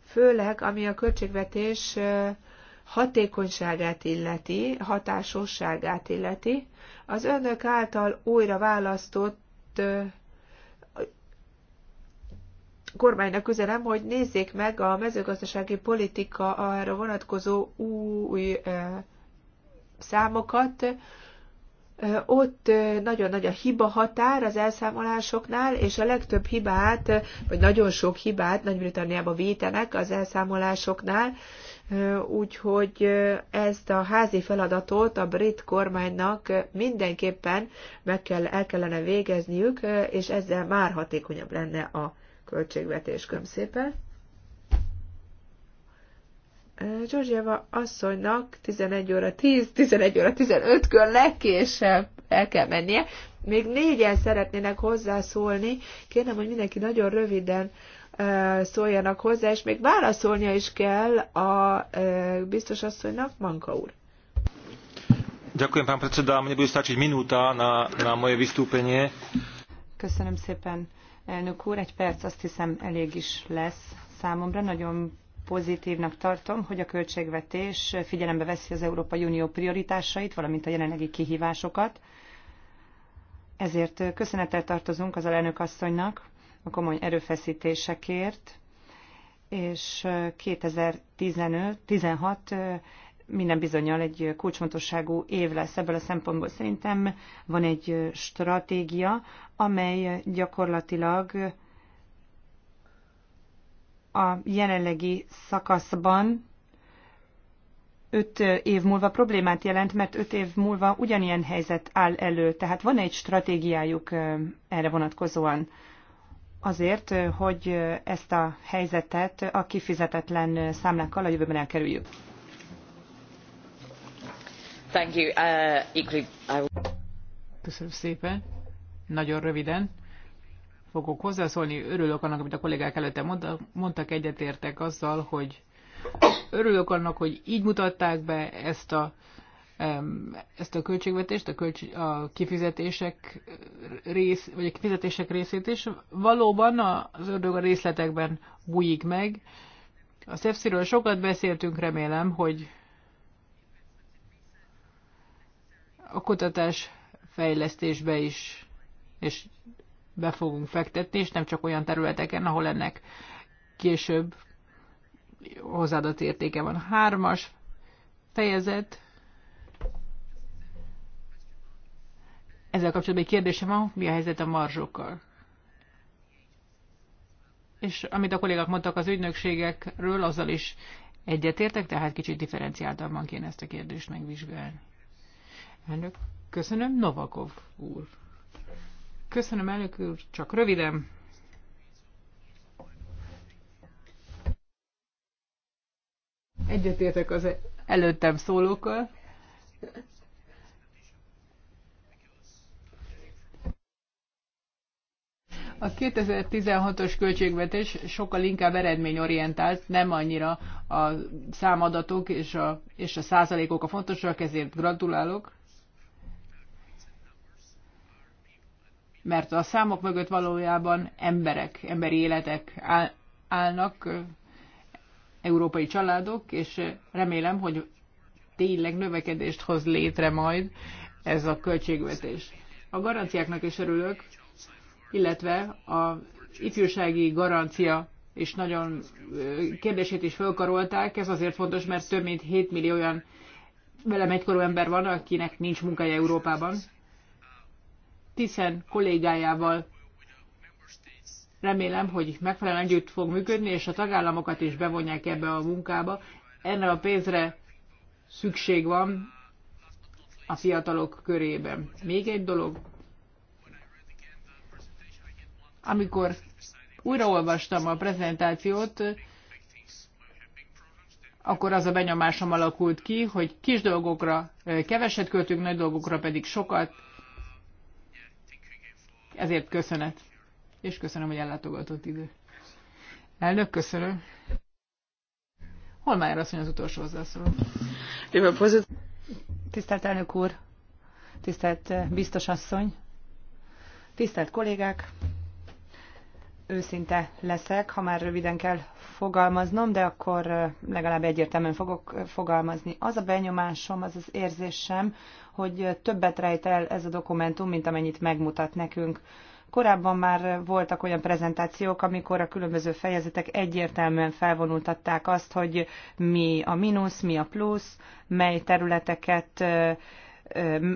főleg ami a költségvetés hatékonyságát illeti, hatásosságát illeti. Az önök által újra választott kormánynak üzenem, hogy nézzék meg a mezőgazdasági politika arra vonatkozó új számokat, ott nagyon nagy a hiba határ az elszámolásoknál, és a legtöbb hibát, vagy nagyon sok hibát Nagy-Britanniába vétenek az elszámolásoknál, úgyhogy ezt a házi feladatot a brit kormánynak mindenképpen meg kell, el kellene végezniük, és ezzel már hatékonyabb lenne a költségvetés. Köszönöm szépen! Georgieva asszonynak 11 óra 10, 11 óra 15-kör legkésebb el kell mennie. Még négyen szeretnének hozzászólni. Kérem, hogy mindenki nagyon röviden szóljanak hozzá, és még válaszolnia is kell a biztos asszonynak, Manka úr. Ďakujem, pán predseda. Mne bude stačiť minúta na, na moje vystúpenie. Köszönöm szépen, elnök úr. Egy perc azt hiszem elég is lesz számomra. Nagyon pozitívnak tartom, hogy a költségvetés figyelembe veszi az Európai Unió prioritásait, valamint a jelenlegi kihívásokat. Ezért köszönettel tartozunk az alelnök asszonynak a komoly erőfeszítésekért, és 2015-16 minden bizonyal egy kulcsfontosságú év lesz ebből a szempontból. Szerintem van egy stratégia, amely gyakorlatilag a jelenlegi szakaszban öt év múlva problémát jelent, mert öt év múlva ugyanilyen helyzet áll elő. Tehát van egy stratégiájuk erre vonatkozóan azért, hogy ezt a helyzetet a kifizetetlen számlákkal a jövőben elkerüljük. Thank you. Uh, equally, I... Köszönöm szépen. Nagyon röviden fogok hozzászólni. Örülök annak, amit a kollégák előtte mondtak, egyetértek azzal, hogy örülök annak, hogy így mutatták be ezt a ezt a költségvetést, a, költs- a kifizetések rész, vagy a kifizetések részét is. Valóban az ördög a részletekben bújik meg. A szefsziről sokat beszéltünk, remélem, hogy a kutatás fejlesztésbe is, és be fogunk fektetni, és nem csak olyan területeken, ahol ennek később hozzáadott értéke van. Hármas fejezet. Ezzel kapcsolatban egy kérdésem van, mi a helyzet a marzsokkal? És amit a kollégák mondtak az ügynökségekről, azzal is egyetértek, tehát kicsit differenciáltabban kéne ezt a kérdést megvizsgálni. Elnök, köszönöm, Novakov úr. Köszönöm, elnök úr, csak röviden. Egyetértek az előttem szólókkal. A 2016-os költségvetés sokkal inkább eredményorientált, nem annyira a számadatok és a, és a százalékok a fontosak, ezért gratulálok. mert a számok mögött valójában emberek, emberi életek állnak, európai családok, és remélem, hogy tényleg növekedést hoz létre majd ez a költségvetés. A garanciáknak is örülök, illetve a ifjúsági garancia és nagyon kérdését is felkarolták, Ez azért fontos, mert több mint 7 millió olyan velem egykorú ember van, akinek nincs munkája Európában. Tiszen kollégájával remélem, hogy megfelelően együtt fog működni, és a tagállamokat is bevonják ebbe a munkába. Ennek a pénzre szükség van a fiatalok körében. Még egy dolog. Amikor újraolvastam a prezentációt, akkor az a benyomásom alakult ki, hogy kis dolgokra eh, keveset költünk, nagy dolgokra pedig sokat, ezért köszönet. És köszönöm, hogy ellátogatott idő. Elnök, köszönöm. Holmájer asszony az utolsó hozzászóló. Tisztelt elnök úr, tisztelt biztos asszony, tisztelt kollégák, őszinte leszek, ha már röviden kell fogalmaznom, de akkor legalább egyértelműen fogok fogalmazni. Az a benyomásom, az az érzésem, hogy többet rejt el ez a dokumentum, mint amennyit megmutat nekünk. Korábban már voltak olyan prezentációk, amikor a különböző fejezetek egyértelműen felvonultatták azt, hogy mi a mínusz, mi a plusz, mely területeket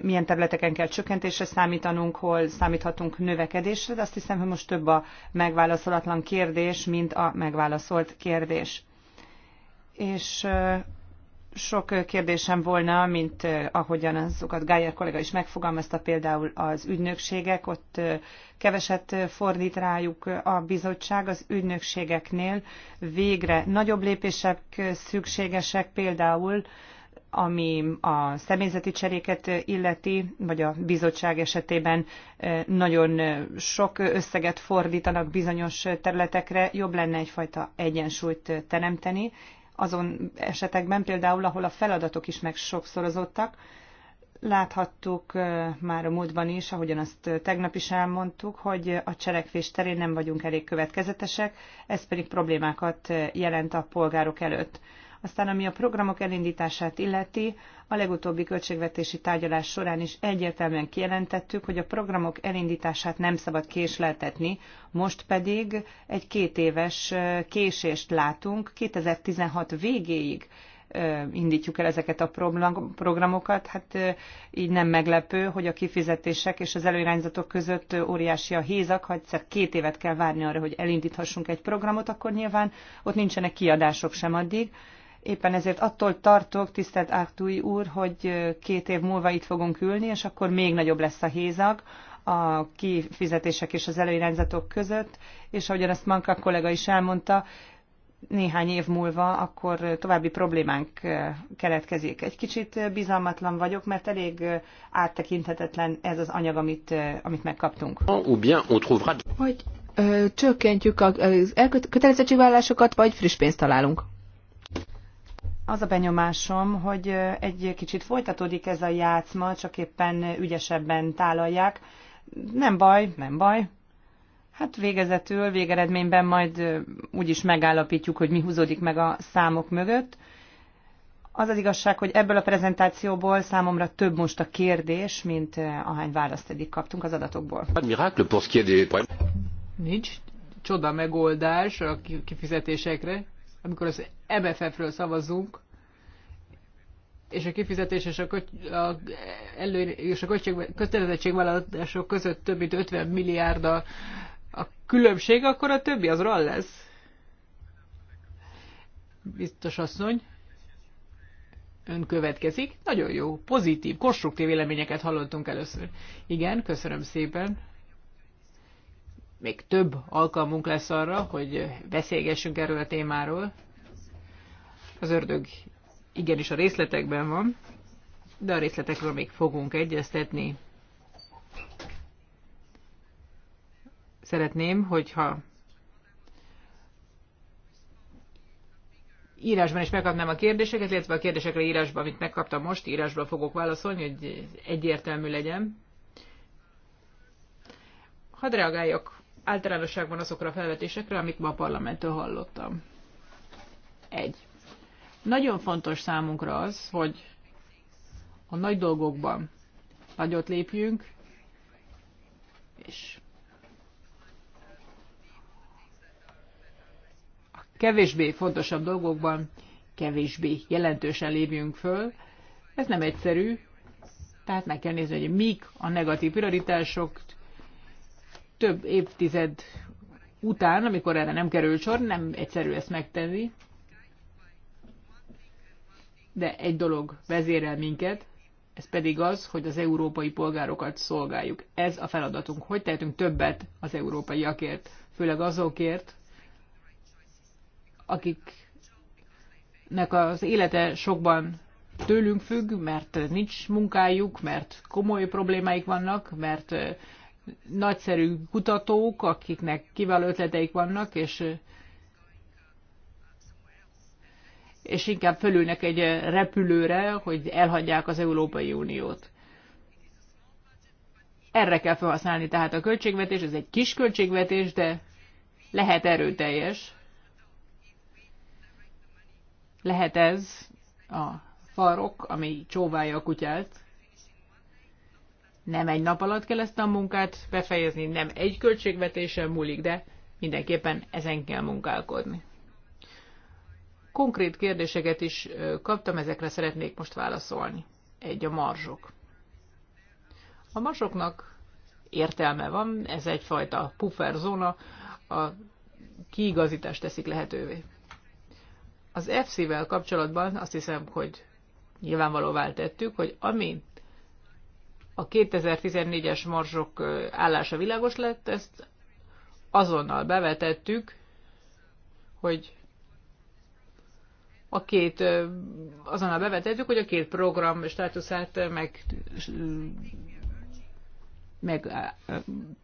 milyen területeken kell csökkentésre számítanunk, hol számíthatunk növekedésre, de azt hiszem, hogy most több a megválaszolatlan kérdés, mint a megválaszolt kérdés. És sok kérdésem volna, mint ahogyan azokat Gájer kollega is megfogalmazta, például az ügynökségek, ott keveset fordít rájuk a bizottság az ügynökségeknél. Végre nagyobb lépések szükségesek, például ami a személyzeti cseréket illeti, vagy a bizottság esetében nagyon sok összeget fordítanak bizonyos területekre, jobb lenne egyfajta egyensúlyt teremteni. Azon esetekben például, ahol a feladatok is meg sokszorozottak, láthattuk már a múltban is, ahogyan azt tegnap is elmondtuk, hogy a cselekvés terén nem vagyunk elég következetesek, ez pedig problémákat jelent a polgárok előtt. Aztán, ami a programok elindítását illeti, a legutóbbi költségvetési tárgyalás során is egyértelműen kijelentettük, hogy a programok elindítását nem szabad késleltetni, most pedig egy két éves késést látunk, 2016 végéig indítjuk el ezeket a programokat. Hát így nem meglepő, hogy a kifizetések és az előirányzatok között óriási a hézak, ha egyszer két évet kell várni arra, hogy elindíthassunk egy programot, akkor nyilván ott nincsenek kiadások sem addig. Éppen ezért attól tartok, tisztelt Ártúj úr, hogy két év múlva itt fogunk ülni, és akkor még nagyobb lesz a hézag a kifizetések és az előirányzatok között, és ahogyan azt Manka kollega is elmondta, néhány év múlva akkor további problémánk keletkezik. Egy kicsit bizalmatlan vagyok, mert elég áttekinthetetlen ez az anyag, amit, amit megkaptunk. Vagy ö, csökkentjük a kötelezettségvállásokat, vagy friss pénzt találunk az a benyomásom, hogy egy kicsit folytatódik ez a játszma, csak éppen ügyesebben tálalják. Nem baj, nem baj. Hát végezetül, végeredményben majd úgyis megállapítjuk, hogy mi húzódik meg a számok mögött. Az az igazság, hogy ebből a prezentációból számomra több most a kérdés, mint ahány választ eddig kaptunk az adatokból. Nincs csoda megoldás a kifizetésekre, amikor az MFF-ről e szavazunk, és a kifizetés és a, köt, a, elő, és a kötelezettségvállalások között több mint 50 milliárd a, a különbség, akkor a többi az rall lesz. Biztos asszony. Ön következik. Nagyon jó, pozitív, konstruktív véleményeket hallottunk először. Igen, köszönöm szépen még több alkalmunk lesz arra, hogy beszélgessünk erről a témáról. Az ördög igenis a részletekben van, de a részletekről még fogunk egyeztetni. Szeretném, hogyha írásban is megkapnám a kérdéseket, illetve a kérdésekre írásban, amit megkaptam most, írásban fogok válaszolni, hogy egyértelmű legyen. Hadd reagáljak általánosságban azokra a felvetésekre, amik ma a parlamenttől hallottam. Egy. Nagyon fontos számunkra az, hogy a nagy dolgokban nagyot lépjünk, és a kevésbé fontosabb dolgokban kevésbé jelentősen lépjünk föl. Ez nem egyszerű, tehát meg kell nézni, hogy mik a negatív prioritások, több évtized után, amikor erre nem kerül sor, nem egyszerű ezt megtenni. De egy dolog vezérel minket, ez pedig az, hogy az európai polgárokat szolgáljuk. Ez a feladatunk. Hogy tehetünk többet az európaiakért, főleg azokért, akiknek az élete sokban tőlünk függ, mert nincs munkájuk, mert komoly problémáik vannak, mert nagyszerű kutatók, akiknek kiváló ötleteik vannak, és és inkább fölülnek egy repülőre, hogy elhagyják az Európai Uniót. Erre kell felhasználni tehát a költségvetés, ez egy kis költségvetés, de lehet erőteljes. Lehet ez a farok, ami csóválja a kutyát nem egy nap alatt kell ezt a munkát befejezni, nem egy költségvetésen múlik, de mindenképpen ezen kell munkálkodni. Konkrét kérdéseket is kaptam, ezekre szeretnék most válaszolni. Egy a marzsok. A marzsoknak értelme van, ez egyfajta puffer zóna, a kiigazítást teszik lehetővé. Az FC-vel kapcsolatban azt hiszem, hogy nyilvánvalóvá tettük, hogy ami a 2014-es marzsok állása világos lett, ezt azonnal bevetettük, hogy a két, azonnal bevetettük, hogy a két program státuszát meg, meg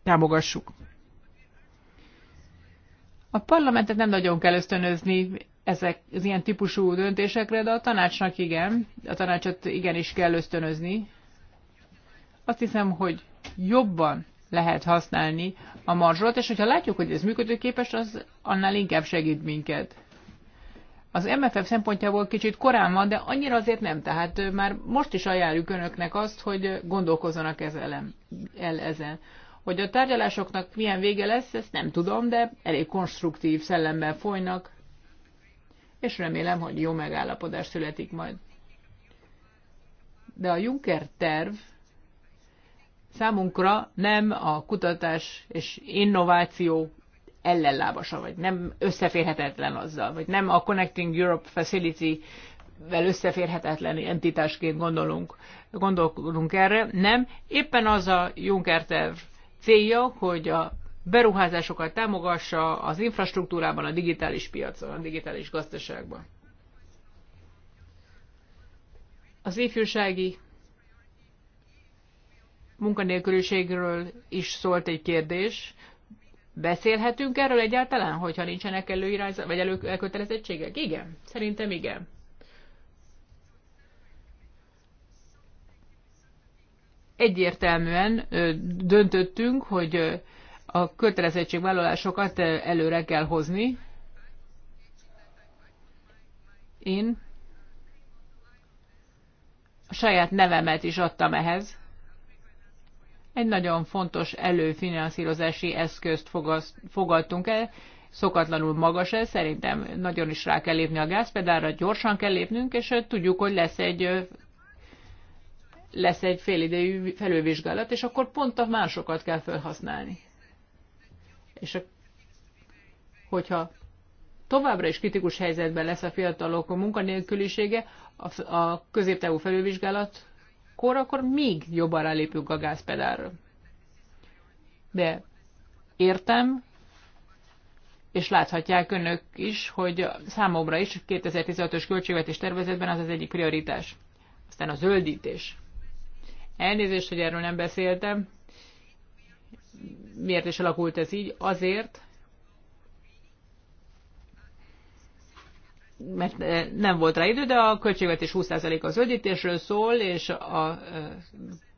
támogassuk. A parlamentet nem nagyon kell ösztönözni ezek, az ilyen típusú döntésekre, de a tanácsnak igen, a tanácsot igenis kell ösztönözni. Azt hiszem, hogy jobban lehet használni a marzsolat, és hogyha látjuk, hogy ez működőképes, az annál inkább segít minket. Az MFF szempontjából kicsit korán van, de annyira azért nem. Tehát már most is ajánljuk önöknek azt, hogy gondolkozzanak el ezen. Hogy a tárgyalásoknak milyen vége lesz, ezt nem tudom, de elég konstruktív szellemben folynak, és remélem, hogy jó megállapodás születik majd. De a Juncker terv Számunkra nem a kutatás és innováció ellenlábasa, vagy nem összeférhetetlen azzal, vagy nem a Connecting Europe Facility vel összeférhetetlen entitásként gondolunk, gondolunk erre. Nem, éppen az a Juncker terv célja, hogy a beruházásokat támogassa az infrastruktúrában, a digitális piacon, a digitális gazdaságban. Az ifjúsági munkanélküliségről is szólt egy kérdés. Beszélhetünk erről egyáltalán, hogyha nincsenek előirányzat, vagy elő, elkötelezettségek? Igen, szerintem igen. Egyértelműen döntöttünk, hogy a kötelezettségvállalásokat előre kell hozni. Én a saját nevemet is adtam ehhez egy nagyon fontos előfinanszírozási eszközt fogadtunk el, szokatlanul magas ez, szerintem nagyon is rá kell lépni a gázpedálra, gyorsan kell lépnünk, és tudjuk, hogy lesz egy lesz egy félidejű felülvizsgálat, és akkor pont a másokat kell felhasználni. És a, hogyha továbbra is kritikus helyzetben lesz a fiatalok munkanélkülisége, a, a középtávú felülvizsgálat kor akkor még jobban rálépünk a gázpedálra. De értem, és láthatják önök is, hogy számomra is 2015-ös költségvetés tervezetben az az egyik prioritás. Aztán a zöldítés. Elnézést, hogy erről nem beszéltem. Miért is alakult ez így? Azért, mert eh, nem volt rá idő, de a költségvetés 20% a zöldítésről szól, és a eh,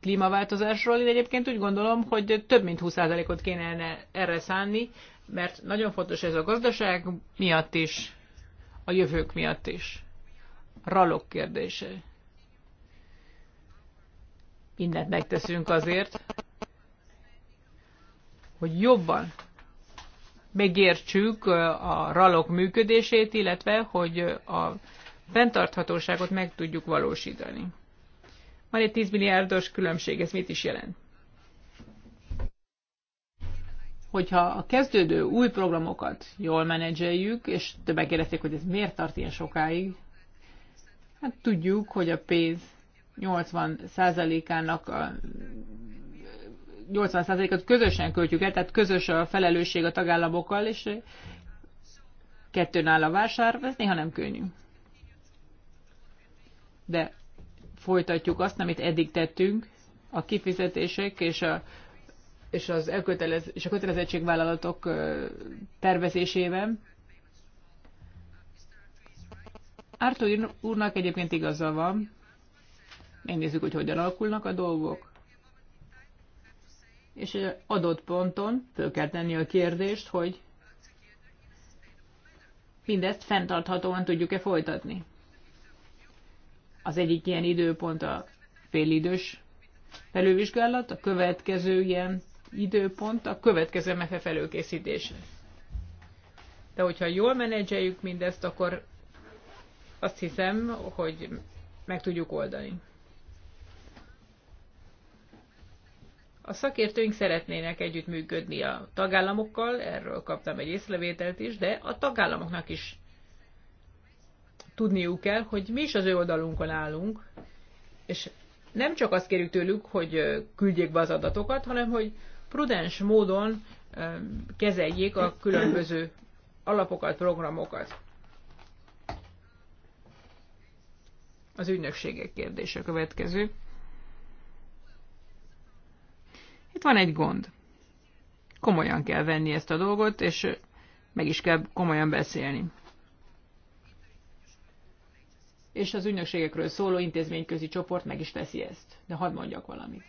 klímaváltozásról. Én egyébként úgy gondolom, hogy több mint 20%-ot kéne erre szánni, mert nagyon fontos ez a gazdaság miatt is, a jövők miatt is. Ralok kérdése. Mindent megteszünk azért, hogy jobban megértsük a ralok működését, illetve hogy a fenntarthatóságot meg tudjuk valósítani. Van egy 10 milliárdos különbség, ez mit is jelent? Hogyha a kezdődő új programokat jól menedzseljük, és többen kérdezték, hogy ez miért tart ilyen sokáig, hát tudjuk, hogy a pénz 80%-ának a 80%-ot közösen költjük el, tehát közös a felelősség a tagállamokkal, és kettőn áll a vásár, ez néha nem könnyű. De folytatjuk azt, amit eddig tettünk, a kifizetések és a, és az elkötelez, és a kötelezettségvállalatok tervezésében. Ártó úrnak egyébként igaza van. Megnézzük, hogy hogyan alakulnak a dolgok és adott ponton föl kell tenni a kérdést, hogy mindezt fenntarthatóan tudjuk-e folytatni. Az egyik ilyen időpont a félidős felővizsgálat, a következő ilyen időpont a következő MFF felőkészítése. De hogyha jól menedzseljük mindezt, akkor azt hiszem, hogy meg tudjuk oldani. A szakértőink szeretnének együttműködni a tagállamokkal, erről kaptam egy észrevételt is, de a tagállamoknak is tudniuk kell, hogy mi is az ő oldalunkon állunk, és nem csak azt kérjük tőlük, hogy küldjék be az adatokat, hanem hogy prudens módon kezeljék a különböző alapokat, programokat. Az ügynökségek kérdése következő. Itt van egy gond. Komolyan kell venni ezt a dolgot, és meg is kell komolyan beszélni. És az ügynökségekről szóló intézményközi csoport meg is teszi ezt. De hadd mondjak valamit.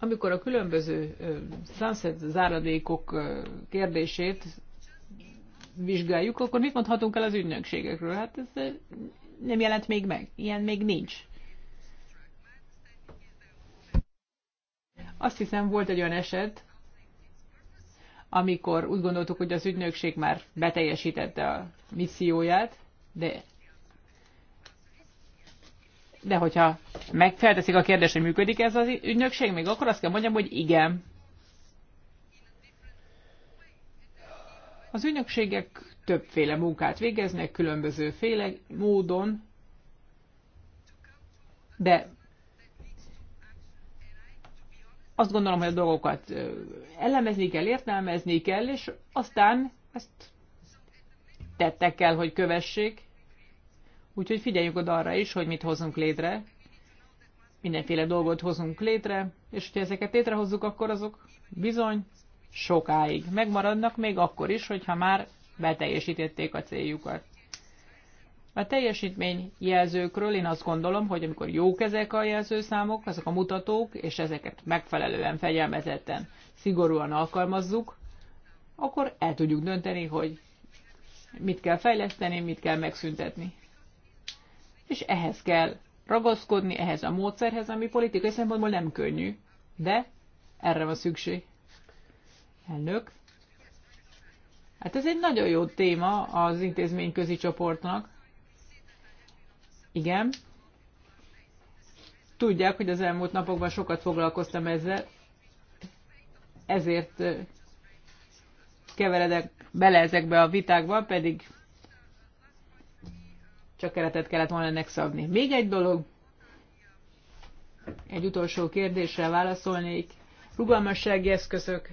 amikor a különböző sunset záradékok kérdését vizsgáljuk, akkor mit mondhatunk el az ügynökségekről? Hát ez nem jelent még meg. Ilyen még nincs. Azt hiszem volt egy olyan eset, amikor úgy gondoltuk, hogy az ügynökség már beteljesítette a misszióját, de de hogyha megfelteszik a kérdést, hogy működik ez az ügynökség, még akkor azt kell mondjam, hogy igen. Az ügynökségek többféle munkát végeznek, különböző féle módon, de azt gondolom, hogy a dolgokat elemezni kell, értelmezni kell, és aztán ezt tettek kell, hogy kövessék. Úgyhogy figyeljünk oda arra is, hogy mit hozunk létre. Mindenféle dolgot hozunk létre, és hogyha ezeket létrehozzuk, akkor azok bizony sokáig megmaradnak, még akkor is, hogyha már beteljesítették a céljukat. A teljesítmény jelzőkről én azt gondolom, hogy amikor jók ezek a jelzőszámok, azok a mutatók, és ezeket megfelelően, fegyelmezetten, szigorúan alkalmazzuk, akkor el tudjuk dönteni, hogy mit kell fejleszteni, mit kell megszüntetni. És ehhez kell ragaszkodni, ehhez a módszerhez, ami politikai szempontból nem könnyű, de erre van szükség. Elnök, Hát ez egy nagyon jó téma az intézményközi csoportnak. Igen. Tudják, hogy az elmúlt napokban sokat foglalkoztam ezzel, ezért keveredek bele ezekbe a vitákba, pedig csak keretet kellett volna ennek szabni. Még egy dolog, egy utolsó kérdésre válaszolnék. Rugalmassági eszközök,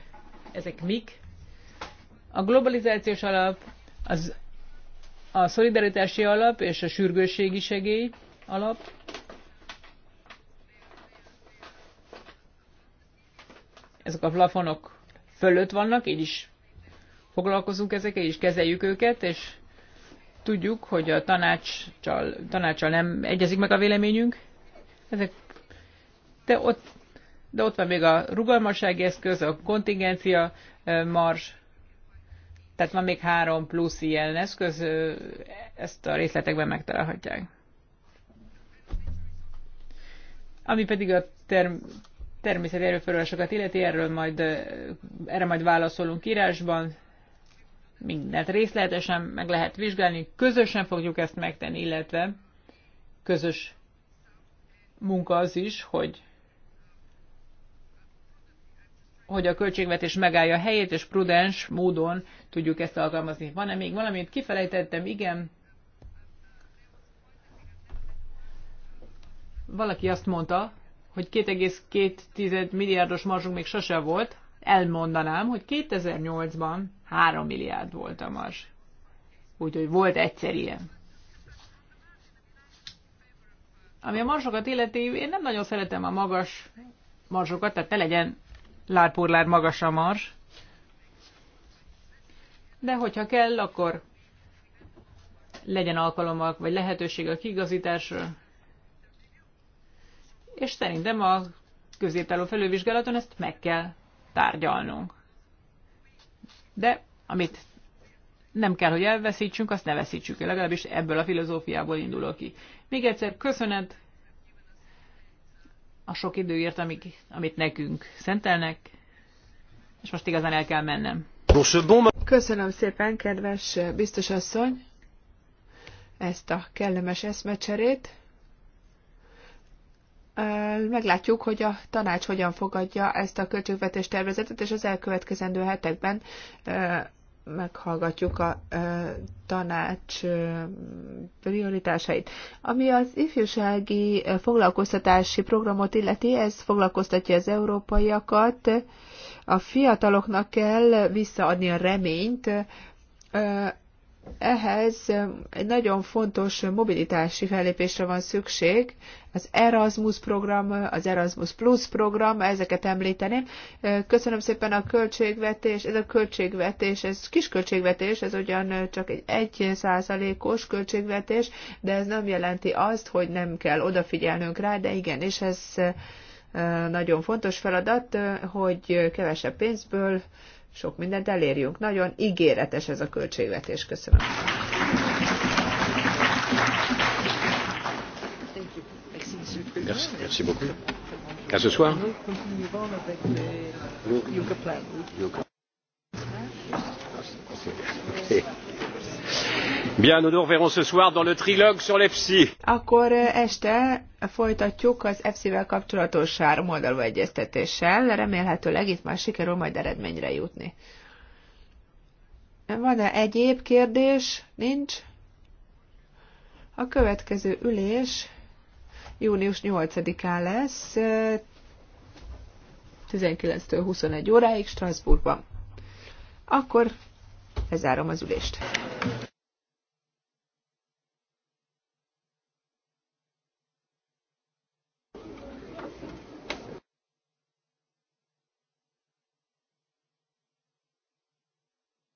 ezek mik? A globalizációs alap, az, a szolidaritási alap és a sürgősségi segély alap. Ezek a plafonok fölött vannak, így is foglalkozunk ezekkel, és kezeljük őket, és tudjuk, hogy a tanácssal, tanácssal nem egyezik meg a véleményünk. Ezek, de, ott, de ott van még a rugalmassági eszköz, a kontingencia mars, tehát van még három plusz ilyen eszköz, ezt a részletekben megtalálhatják. Ami pedig a term természeti erőforrásokat illeti, erről majd, erre majd válaszolunk írásban. Mindent részletesen meg lehet vizsgálni, közösen fogjuk ezt megtenni, illetve közös munka az is, hogy hogy a költségvetés megállja a helyét, és prudens módon tudjuk ezt alkalmazni. Van-e még valamit? Kifelejtettem, igen. Valaki azt mondta, hogy 2,2 milliárdos marzsunk még sose volt. Elmondanám, hogy 2008-ban 3 milliárd volt a marzs. Úgyhogy volt egyszer ilyen. Ami a marzsokat illeti, én nem nagyon szeretem a magas marzsokat, tehát ne legyen lárpórlár magas a mars, de hogyha kell, akkor legyen alkalommal, vagy lehetőség a kigazításra. És szerintem a középtávú felővizsgálaton ezt meg kell tárgyalnunk. De amit nem kell, hogy elveszítsünk, azt ne veszítsük el. Legalábbis ebből a filozófiából indulok ki. Még egyszer köszönet a sok időért, amik, amit nekünk szentelnek, és most igazán el kell mennem. Köszönöm szépen, kedves biztos asszony, ezt a kellemes eszmecserét. Meglátjuk, hogy a tanács hogyan fogadja ezt a költségvetés tervezetet, és az elkövetkezendő hetekben meghallgatjuk a tanács prioritásait. Ami az ifjúsági foglalkoztatási programot illeti, ez foglalkoztatja az európaiakat. A fiataloknak kell visszaadni a reményt, ehhez egy nagyon fontos mobilitási fellépésre van szükség. Az Erasmus program, az Erasmus Plus program, ezeket említeném. Köszönöm szépen a költségvetés, ez a költségvetés, ez kis költségvetés, ez ugyan csak egy 1 százalékos költségvetés, de ez nem jelenti azt, hogy nem kell odafigyelnünk rá, de igen, és ez eh, nagyon fontos feladat, eh, hogy kevesebb pénzből sok mindent elérjünk. Nagyon ígéretes ez a költségvetés. Köszönöm. Merci, merci beaucoup. À ce soir. Bien, nous nous reverrons ce soir dans le trilogue sur Akkor eh, este folytatjuk az fc vel kapcsolatos háromoldalú egyeztetéssel. Remélhetőleg itt már sikerül majd eredményre jutni. Van-e egyéb kérdés? Nincs? A következő ülés június 8-án lesz, 19-től eh, 21 óráig Strasbourgban. Akkor lezárom az ülést.